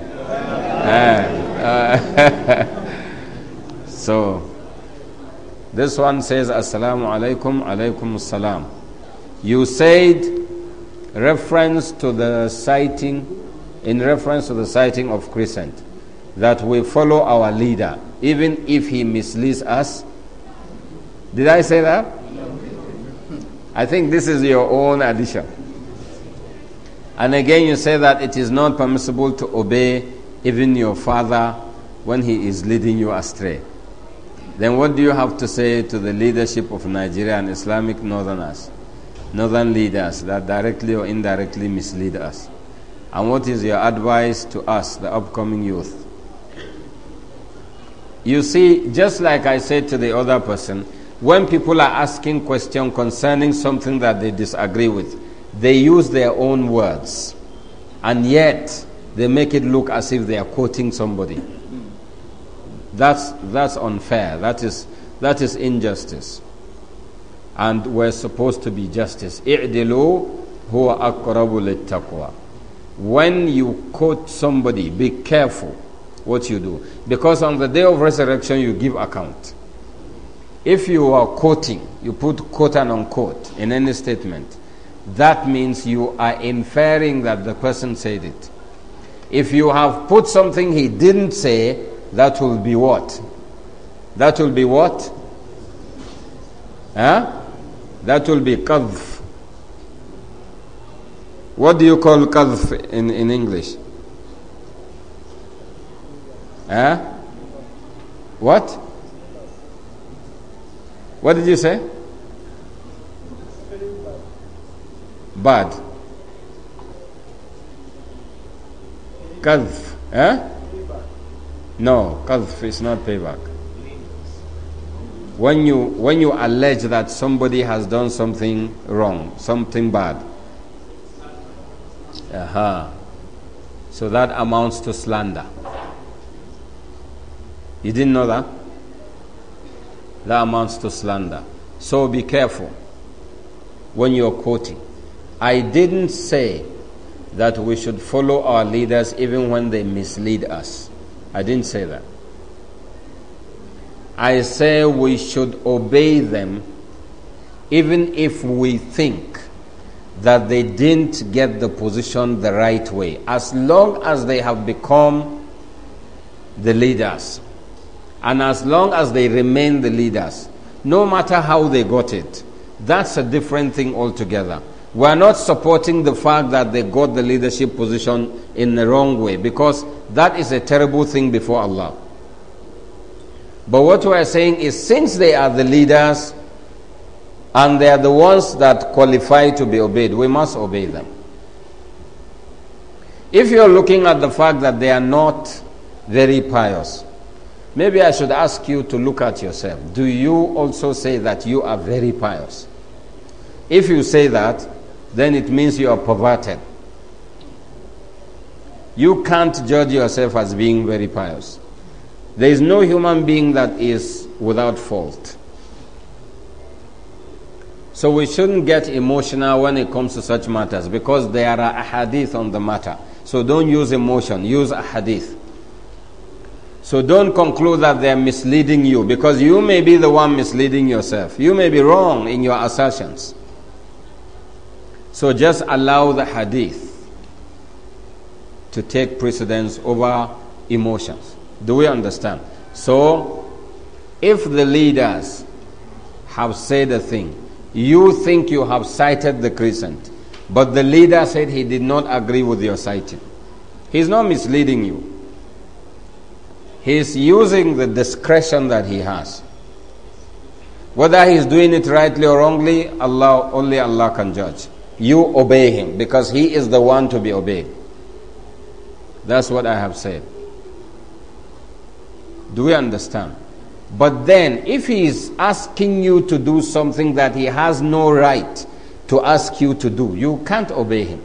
Uh, uh, so, this one says, Assalamu alaikum, alaikum assalam. You said, reference to the sighting, in reference to the sighting of crescent, that we follow our leader, even if he misleads us. Did I say that? I think this is your own addition. And again, you say that it is not permissible to obey even your father when he is leading you astray. Then, what do you have to say to the leadership of Nigeria and Islamic Northerners? northern leaders that directly or indirectly mislead us? And what is your advice to us, the upcoming youth? You see, just like I said to the other person, when people are asking questions concerning something that they disagree with, they use their own words. And yet, they make it look as if they are quoting somebody. That's, that's unfair. That is, that is injustice and were supposed to be justice. اعدلوا هو أقرب للتقوى. When you quote somebody, be careful what you do. Because on the day of resurrection, you give account. If you are quoting, you put quote and unquote in any statement, that means you are inferring that the person said it. If you have put something he didn't say, that will be what? That will be what? Huh? That will be kadhf. What do you call kadhf in, in English? Huh? What? What did you say? Bad. Kadhf. Huh? No, kadhf is not payback when you, when you allege that somebody has done something wrong, something bad. Uh-huh. So that amounts to slander. You didn't know that? That amounts to slander. So be careful when you're quoting. I didn't say that we should follow our leaders even when they mislead us. I didn't say that. I say we should obey them even if we think that they didn't get the position the right way, as long as they have become the leaders and as long as they remain the leaders, no matter how they got it. That's a different thing altogether. We are not supporting the fact that they got the leadership position in the wrong way because that is a terrible thing before Allah. But what we're saying is since they are the leaders and they are the ones that qualify to be obeyed, we must obey them. If you're looking at the fact that they are not very pious, maybe I should ask you to look at yourself. Do you also say that you are very pious? If you say that, then it means you are perverted. You can't judge yourself as being very pious. There is no human being that is without fault. So we shouldn't get emotional when it comes to such matters because there are ahadith on the matter. So don't use emotion, use ahadith. So don't conclude that they're misleading you because you may be the one misleading yourself. You may be wrong in your assertions. So just allow the hadith to take precedence over emotions. Do we understand? So, if the leaders have said a thing, you think you have cited the crescent, but the leader said he did not agree with your citing. He's not misleading you. He's using the discretion that he has. Whether he's doing it rightly or wrongly, Allah only Allah can judge. You obey him because he is the one to be obeyed. That's what I have said. Do we understand? But then, if he is asking you to do something that he has no right to ask you to do, you can't obey him.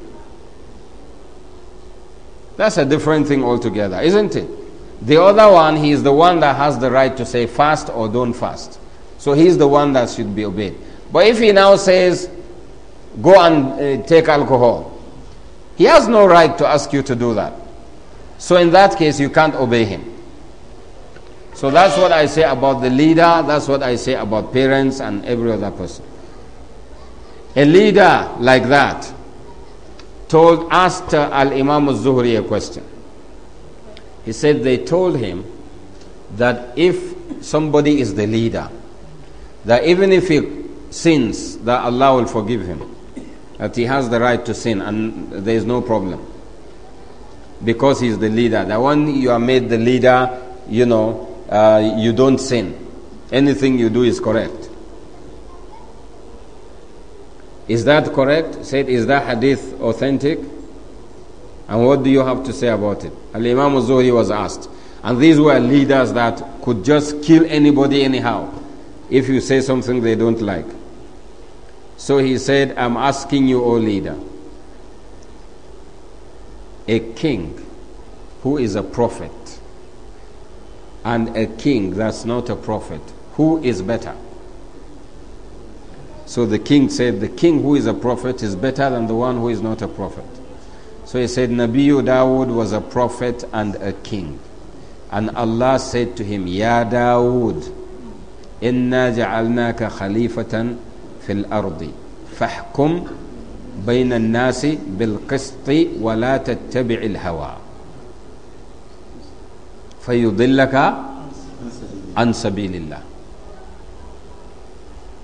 That's a different thing altogether, isn't it? The other one, he is the one that has the right to say fast or don't fast. So he's the one that should be obeyed. But if he now says, go and uh, take alcohol, he has no right to ask you to do that. So in that case, you can't obey him. So that's what I say about the leader, that's what I say about parents and every other person. A leader like that told asked Al Imam Zuhri a question. He said they told him that if somebody is the leader, that even if he sins, that Allah will forgive him, that he has the right to sin and there is no problem because he's the leader. That when you are made the leader, you know, uh, you don't sin. Anything you do is correct. Is that correct? Said, is that hadith authentic? And what do you have to say about it? Al Imam Zuhri was asked. And these were leaders that could just kill anybody anyhow if you say something they don't like. So he said, I'm asking you, O leader, a king who is a prophet and a king that's not a prophet, who is better? So the king said, The king who is a prophet is better than the one who is not a prophet. So he said, Nabiyu Dawood was a prophet and a king. And Allah said to him, Ya Dawood, Inna ja'alnaka khalifatan fil ardi. Fahkum bayna nasi bil qisti wa la tattabi'il hawa. فَيُضِلَّكَ عَنْ سَبِيلِ اللَّهِ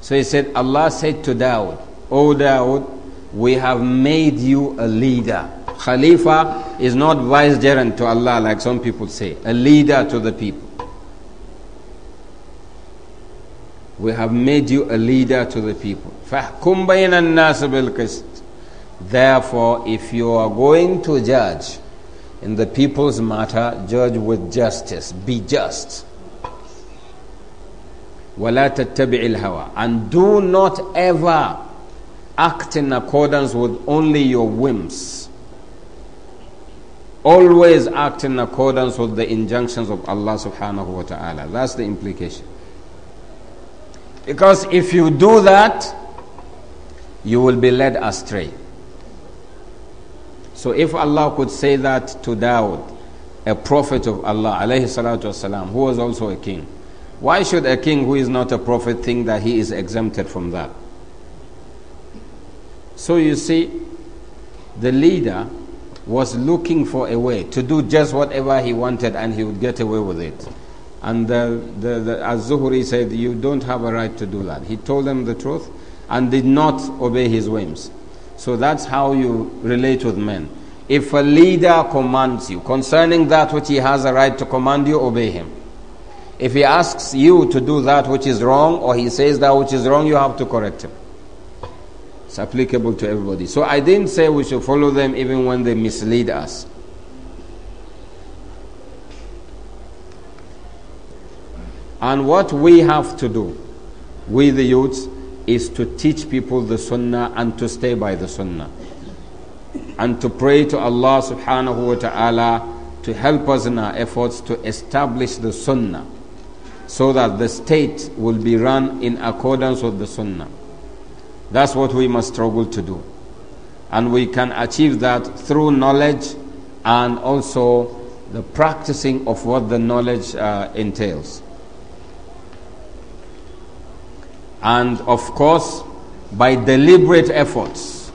So he said, Allah said to Dawood, O Dawood, we have made you a leader. Khalifa is not vicegerent to Allah like some people say, a leader to the people. We have made you a leader to the people. فَحْكُمْ بَيْنَ النَّاسِ بِالْقِسْطِ Therefore, if you are going to judge, in the people's matter, judge with justice. Be just. وَلَا تَتَّبِعِ الْهَوَى And do not ever act in accordance with only your whims. Always act in accordance with the injunctions of Allah subhanahu wa ta'ala. That's the implication. Because if you do that, you will be led astray. So if Allah could say that to Dawood, a prophet of Allah, alayhi salatu wasalam, who was also a king, why should a king who is not a prophet think that he is exempted from that? So you see, the leader was looking for a way to do just whatever he wanted and he would get away with it. And the, the, the, as Zuhri said, You don't have a right to do that. He told them the truth and did not obey his whims. So that's how you relate with men. If a leader commands you concerning that which he has a right to command you, obey him. If he asks you to do that which is wrong or he says that which is wrong, you have to correct him. It's applicable to everybody. So I didn't say we should follow them even when they mislead us. And what we have to do, we the youths, is to teach people the sunnah and to stay by the sunnah. And to pray to Allah subhanahu wa ta'ala to help us in our efforts to establish the sunnah so that the state will be run in accordance with the sunnah. That's what we must struggle to do. And we can achieve that through knowledge and also the practicing of what the knowledge uh, entails. and of course by deliberate efforts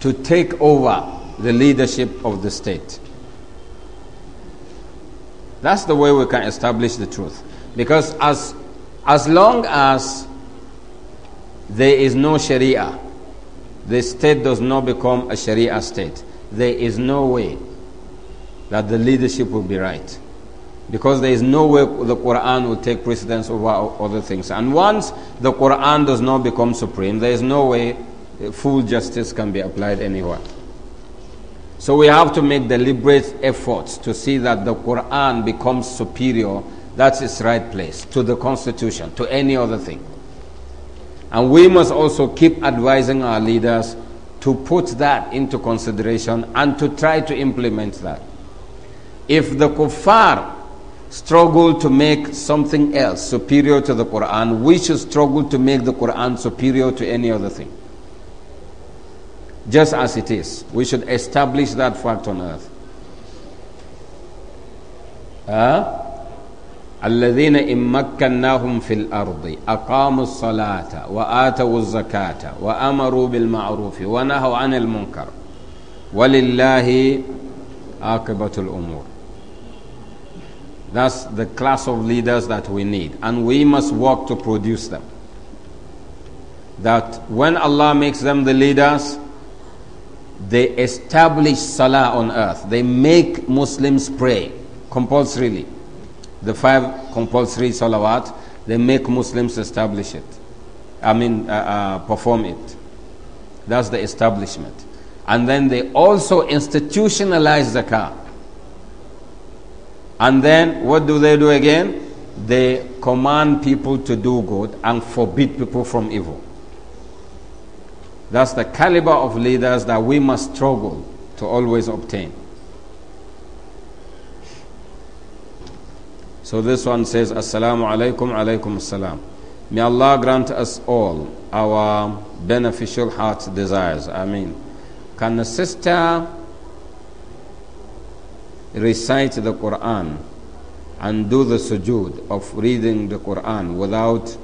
to take over the leadership of the state. That's the way we can establish the truth. Because as, as long as there is no Sharia, the state does not become a Sharia state. There is no way that the leadership will be right. Because there is no way the Quran will take precedence over other things. And once the Quran does not become supreme, there is no way eh, full justice can be applied anywhere. So we have to make deliberate efforts to see that the Quran becomes superior, that's its right place, to the Constitution, to any other thing. And we must also keep advising our leaders to put that into consideration and to try to implement that. If the kuffar struggle to make something else superior to the Quran, we should struggle to make the Quran superior to any other thing. Just as it is. We should establish that fact on earth. Huh? الذين إن مكناهم في الأرض أقاموا الصلاة وآتوا الزكاة وأمروا بالمعروف ونهوا عن المنكر ولله عاقبة الأمور that's the class of leaders that we need. And we must work to produce them. That when Allah makes them the leaders, they establish salah on earth. They make Muslims pray compulsorily. The five compulsory salawat, they make Muslims establish it. I mean, uh, uh, perform it. That's the establishment. And then they also institutionalize zakah. And then what do they do again? They command people to do good and forbid people from evil. That's the caliber of leaders that we must struggle to always obtain. So this one says, Assalamu alaikum, alaikum assalam. May Allah grant us all our beneficial heart desires. I mean, can a sister recite the Quran and do the sujood of reading the Quran without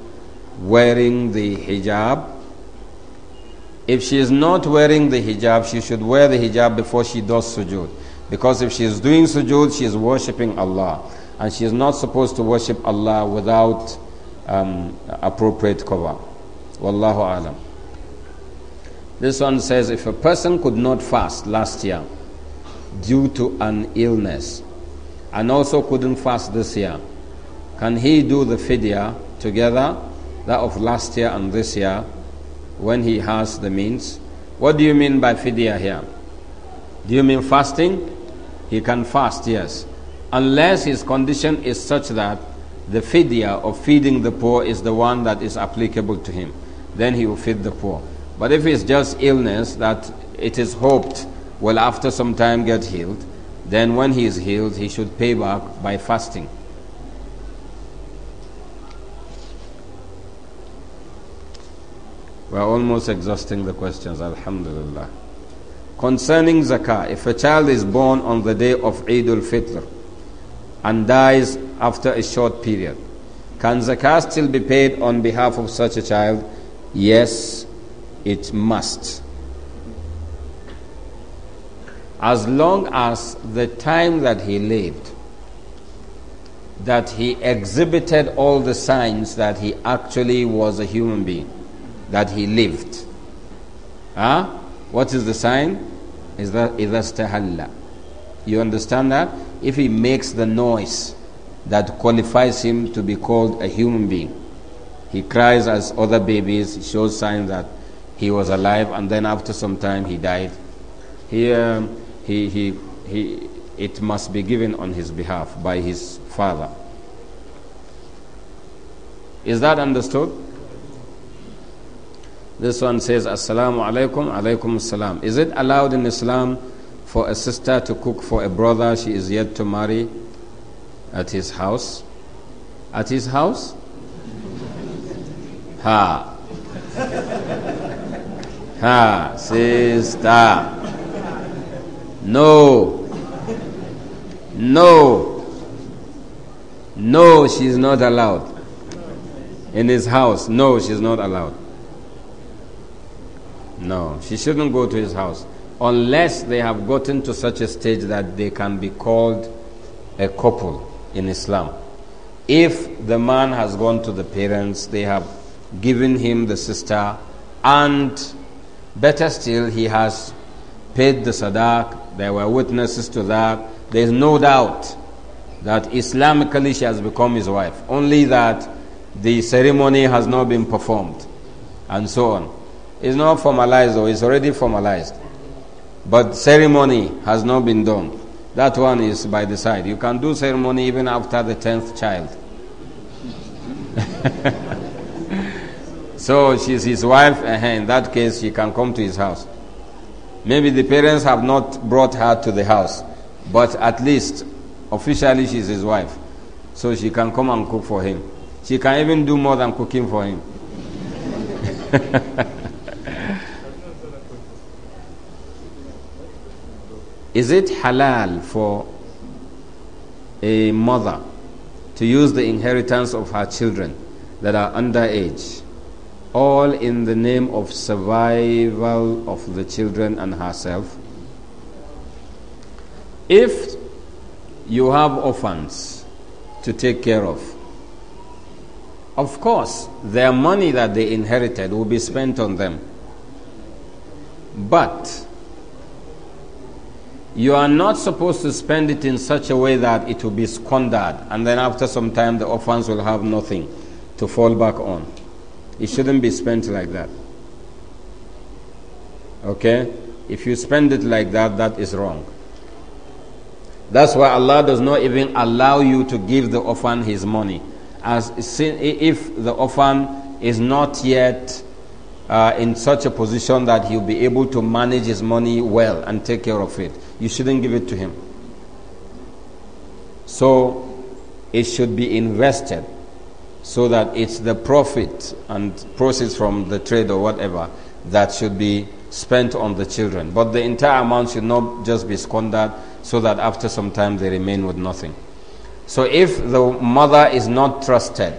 wearing the hijab. If she is not wearing the hijab, she should wear the hijab before she does sujood. Because if she is doing sujood, she is worshipping Allah. And she is not supposed to worship Allah without um, appropriate cover. Wallahu alam. This one says if a person could not fast last year, due to an illness and also couldn't fast this year, can he do the fidya together, that of last year and this year, when he has the means? What do you mean by fidya here? Do you mean fasting? He can fast, yes. Unless his condition is such that the fidya of feeding the poor is the one that is applicable to him. Then he will feed the poor. But if it's just illness that it is hoped will after some time get healed, then when he is healed, he should pay back by fasting. We're almost exhausting the questions, Alhamdulillah. Concerning zakah, if a child is born on the day of Eid al Fitr and dies after a short period, can zakah still be paid on behalf of such a child? Yes, it must as long as the time that he lived, that he exhibited all the signs that he actually was a human being, that he lived. Huh? What is the sign? Is that idastahalla. You understand that? If he makes the noise that qualifies him to be called a human being, he cries as other babies, shows signs that he was alive, and then after some time he died. He. Um, he, he, he, it must be given on his behalf by his father. Is that understood? This one says, Assalamu alaikum, alaikum assalam. Is it allowed in Islam for a sister to cook for a brother she is yet to marry at his house? At his house? Ha. Ha, sister. No. No. No, she's not allowed. In his house. No, she's not allowed. No, she shouldn't go to his house unless they have gotten to such a stage that they can be called a couple in Islam. If the man has gone to the parents, they have given him the sister, and better still, he has paid the sadaq there were witnesses to that. There is no doubt that Islamically she has become his wife, only that the ceremony has not been performed, and so on. It's not formalized, or it's already formalized. But ceremony has not been done. That one is by the side. You can do ceremony even after the tenth child. so she's his wife, and in that case, she can come to his house. Maybe the parents have not brought her to the house, but at least officially she's his wife. So she can come and cook for him. She can even do more than cooking for him. Is it halal for a mother to use the inheritance of her children that are underage all in the name of survival of the children and herself. If you have orphans to take care of, of course, their money that they inherited will be spent on them. But you are not supposed to spend it in such a way that it will be squandered, and then after some time, the orphans will have nothing to fall back on. It shouldn't be spent like that. Okay? If you spend it like that, that is wrong. That's why Allah does not even allow you to give the orphan his money. As if the orphan is not yet uh, in such a position that he'll be able to manage his money well and take care of it, you shouldn't give it to him. So it should be invested so that it's the profit and proceeds from the trade or whatever that should be spent on the children. But the entire amount should not just be squandered so that after some time they remain with nothing. So if the mother is not trusted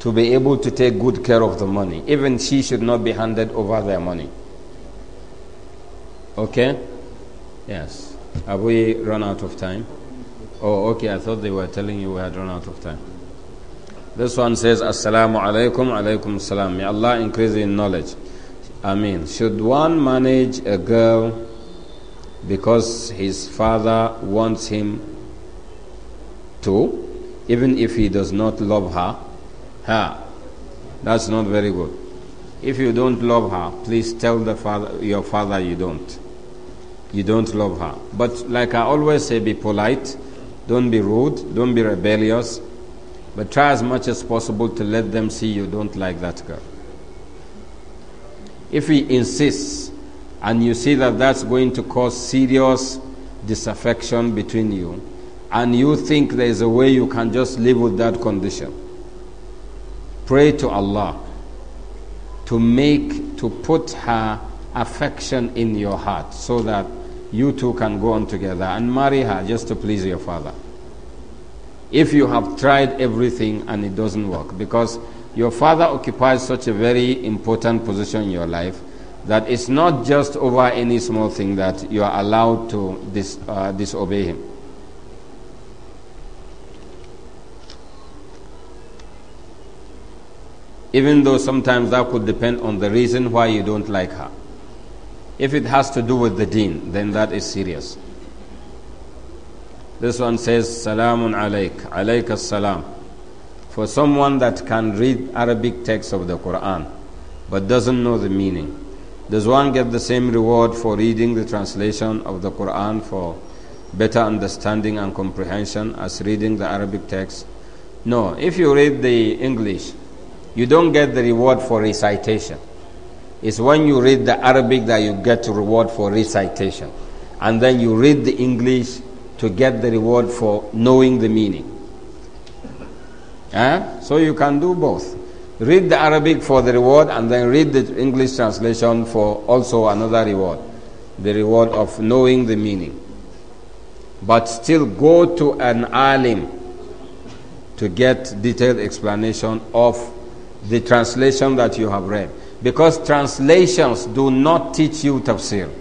to be able to take good care of the money, even she should not be handed over their money. Okay? Yes. Have we run out of time? Oh, okay. I thought they were telling you we had run out of time. This one says, Assalamu alaikum, alaikum salam. May Allah increase in knowledge. Ameen. Should one manage a girl because his father wants him to, even if he does not love her? Ha. That's not very good. If you don't love her, please tell the father, your father you don't. You don't love her. But like I always say, be polite, don't be rude, don't be rebellious but try as much as possible to let them see you don't like that girl. If he insists and you see that that's going to cause serious disaffection between you, and you think there is a way you can just live with that condition, pray to Allah to make, to put her affection in your heart so that you two can go on together and marry her just to please your father if you have tried everything and it doesn't work. Because your father occupies such a very important position in your life that it's not just over any small thing that you are allowed to dis, uh, disobey him. Even though sometimes that could depend on the reason why you don't like her. If it has to do with the deen, then that is serious. This one says, Salamun alaik, alaik as-salam. For someone that can read Arabic text of the Quran but doesn't know the meaning, does one get the same reward for reading the translation of the Quran for better understanding and comprehension as reading the Arabic text? No. If you read the English, you don't get the reward for recitation. It's when you read the Arabic that you get the reward for recitation. And then you read the English to get the reward for knowing the meaning. Eh? So you can do both. Read the Arabic for the reward and then read the English translation for also another reward the reward of knowing the meaning. But still go to an alim to get detailed explanation of the translation that you have read. Because translations do not teach you tafsir.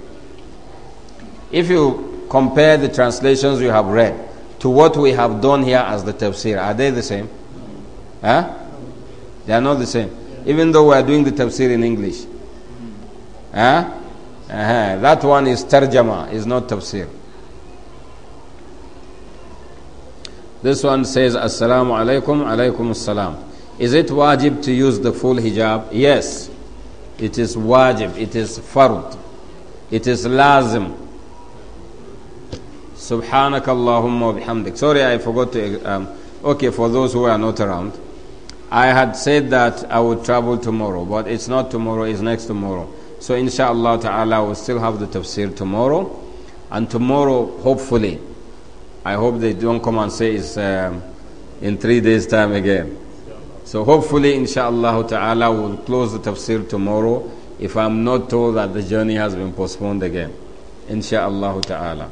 If you compare the translations you have read to what we have done here as the tafsir. Are they the same? Huh? They are not the same. Even though we are doing the tafsir in English. Huh? Uh -huh. That one is tarjama, is not tafsir. This one says, Assalamu alaikum, alaikum assalam. Is it wajib to use the full hijab? Yes, it is wajib, it is fard, it is lazim. Subhanaka Allahumma bihamdik. Sorry, I forgot to. Um, okay, for those who are not around, I had said that I would travel tomorrow, but it's not tomorrow, it's next tomorrow. So, inshallah ta'ala, we'll still have the tafsir tomorrow. And tomorrow, hopefully, I hope they don't come and say it's um, in three days' time again. So, hopefully, inshallah ta'ala, we'll close the tafsir tomorrow if I'm not told that the journey has been postponed again. Inshallah ta'ala.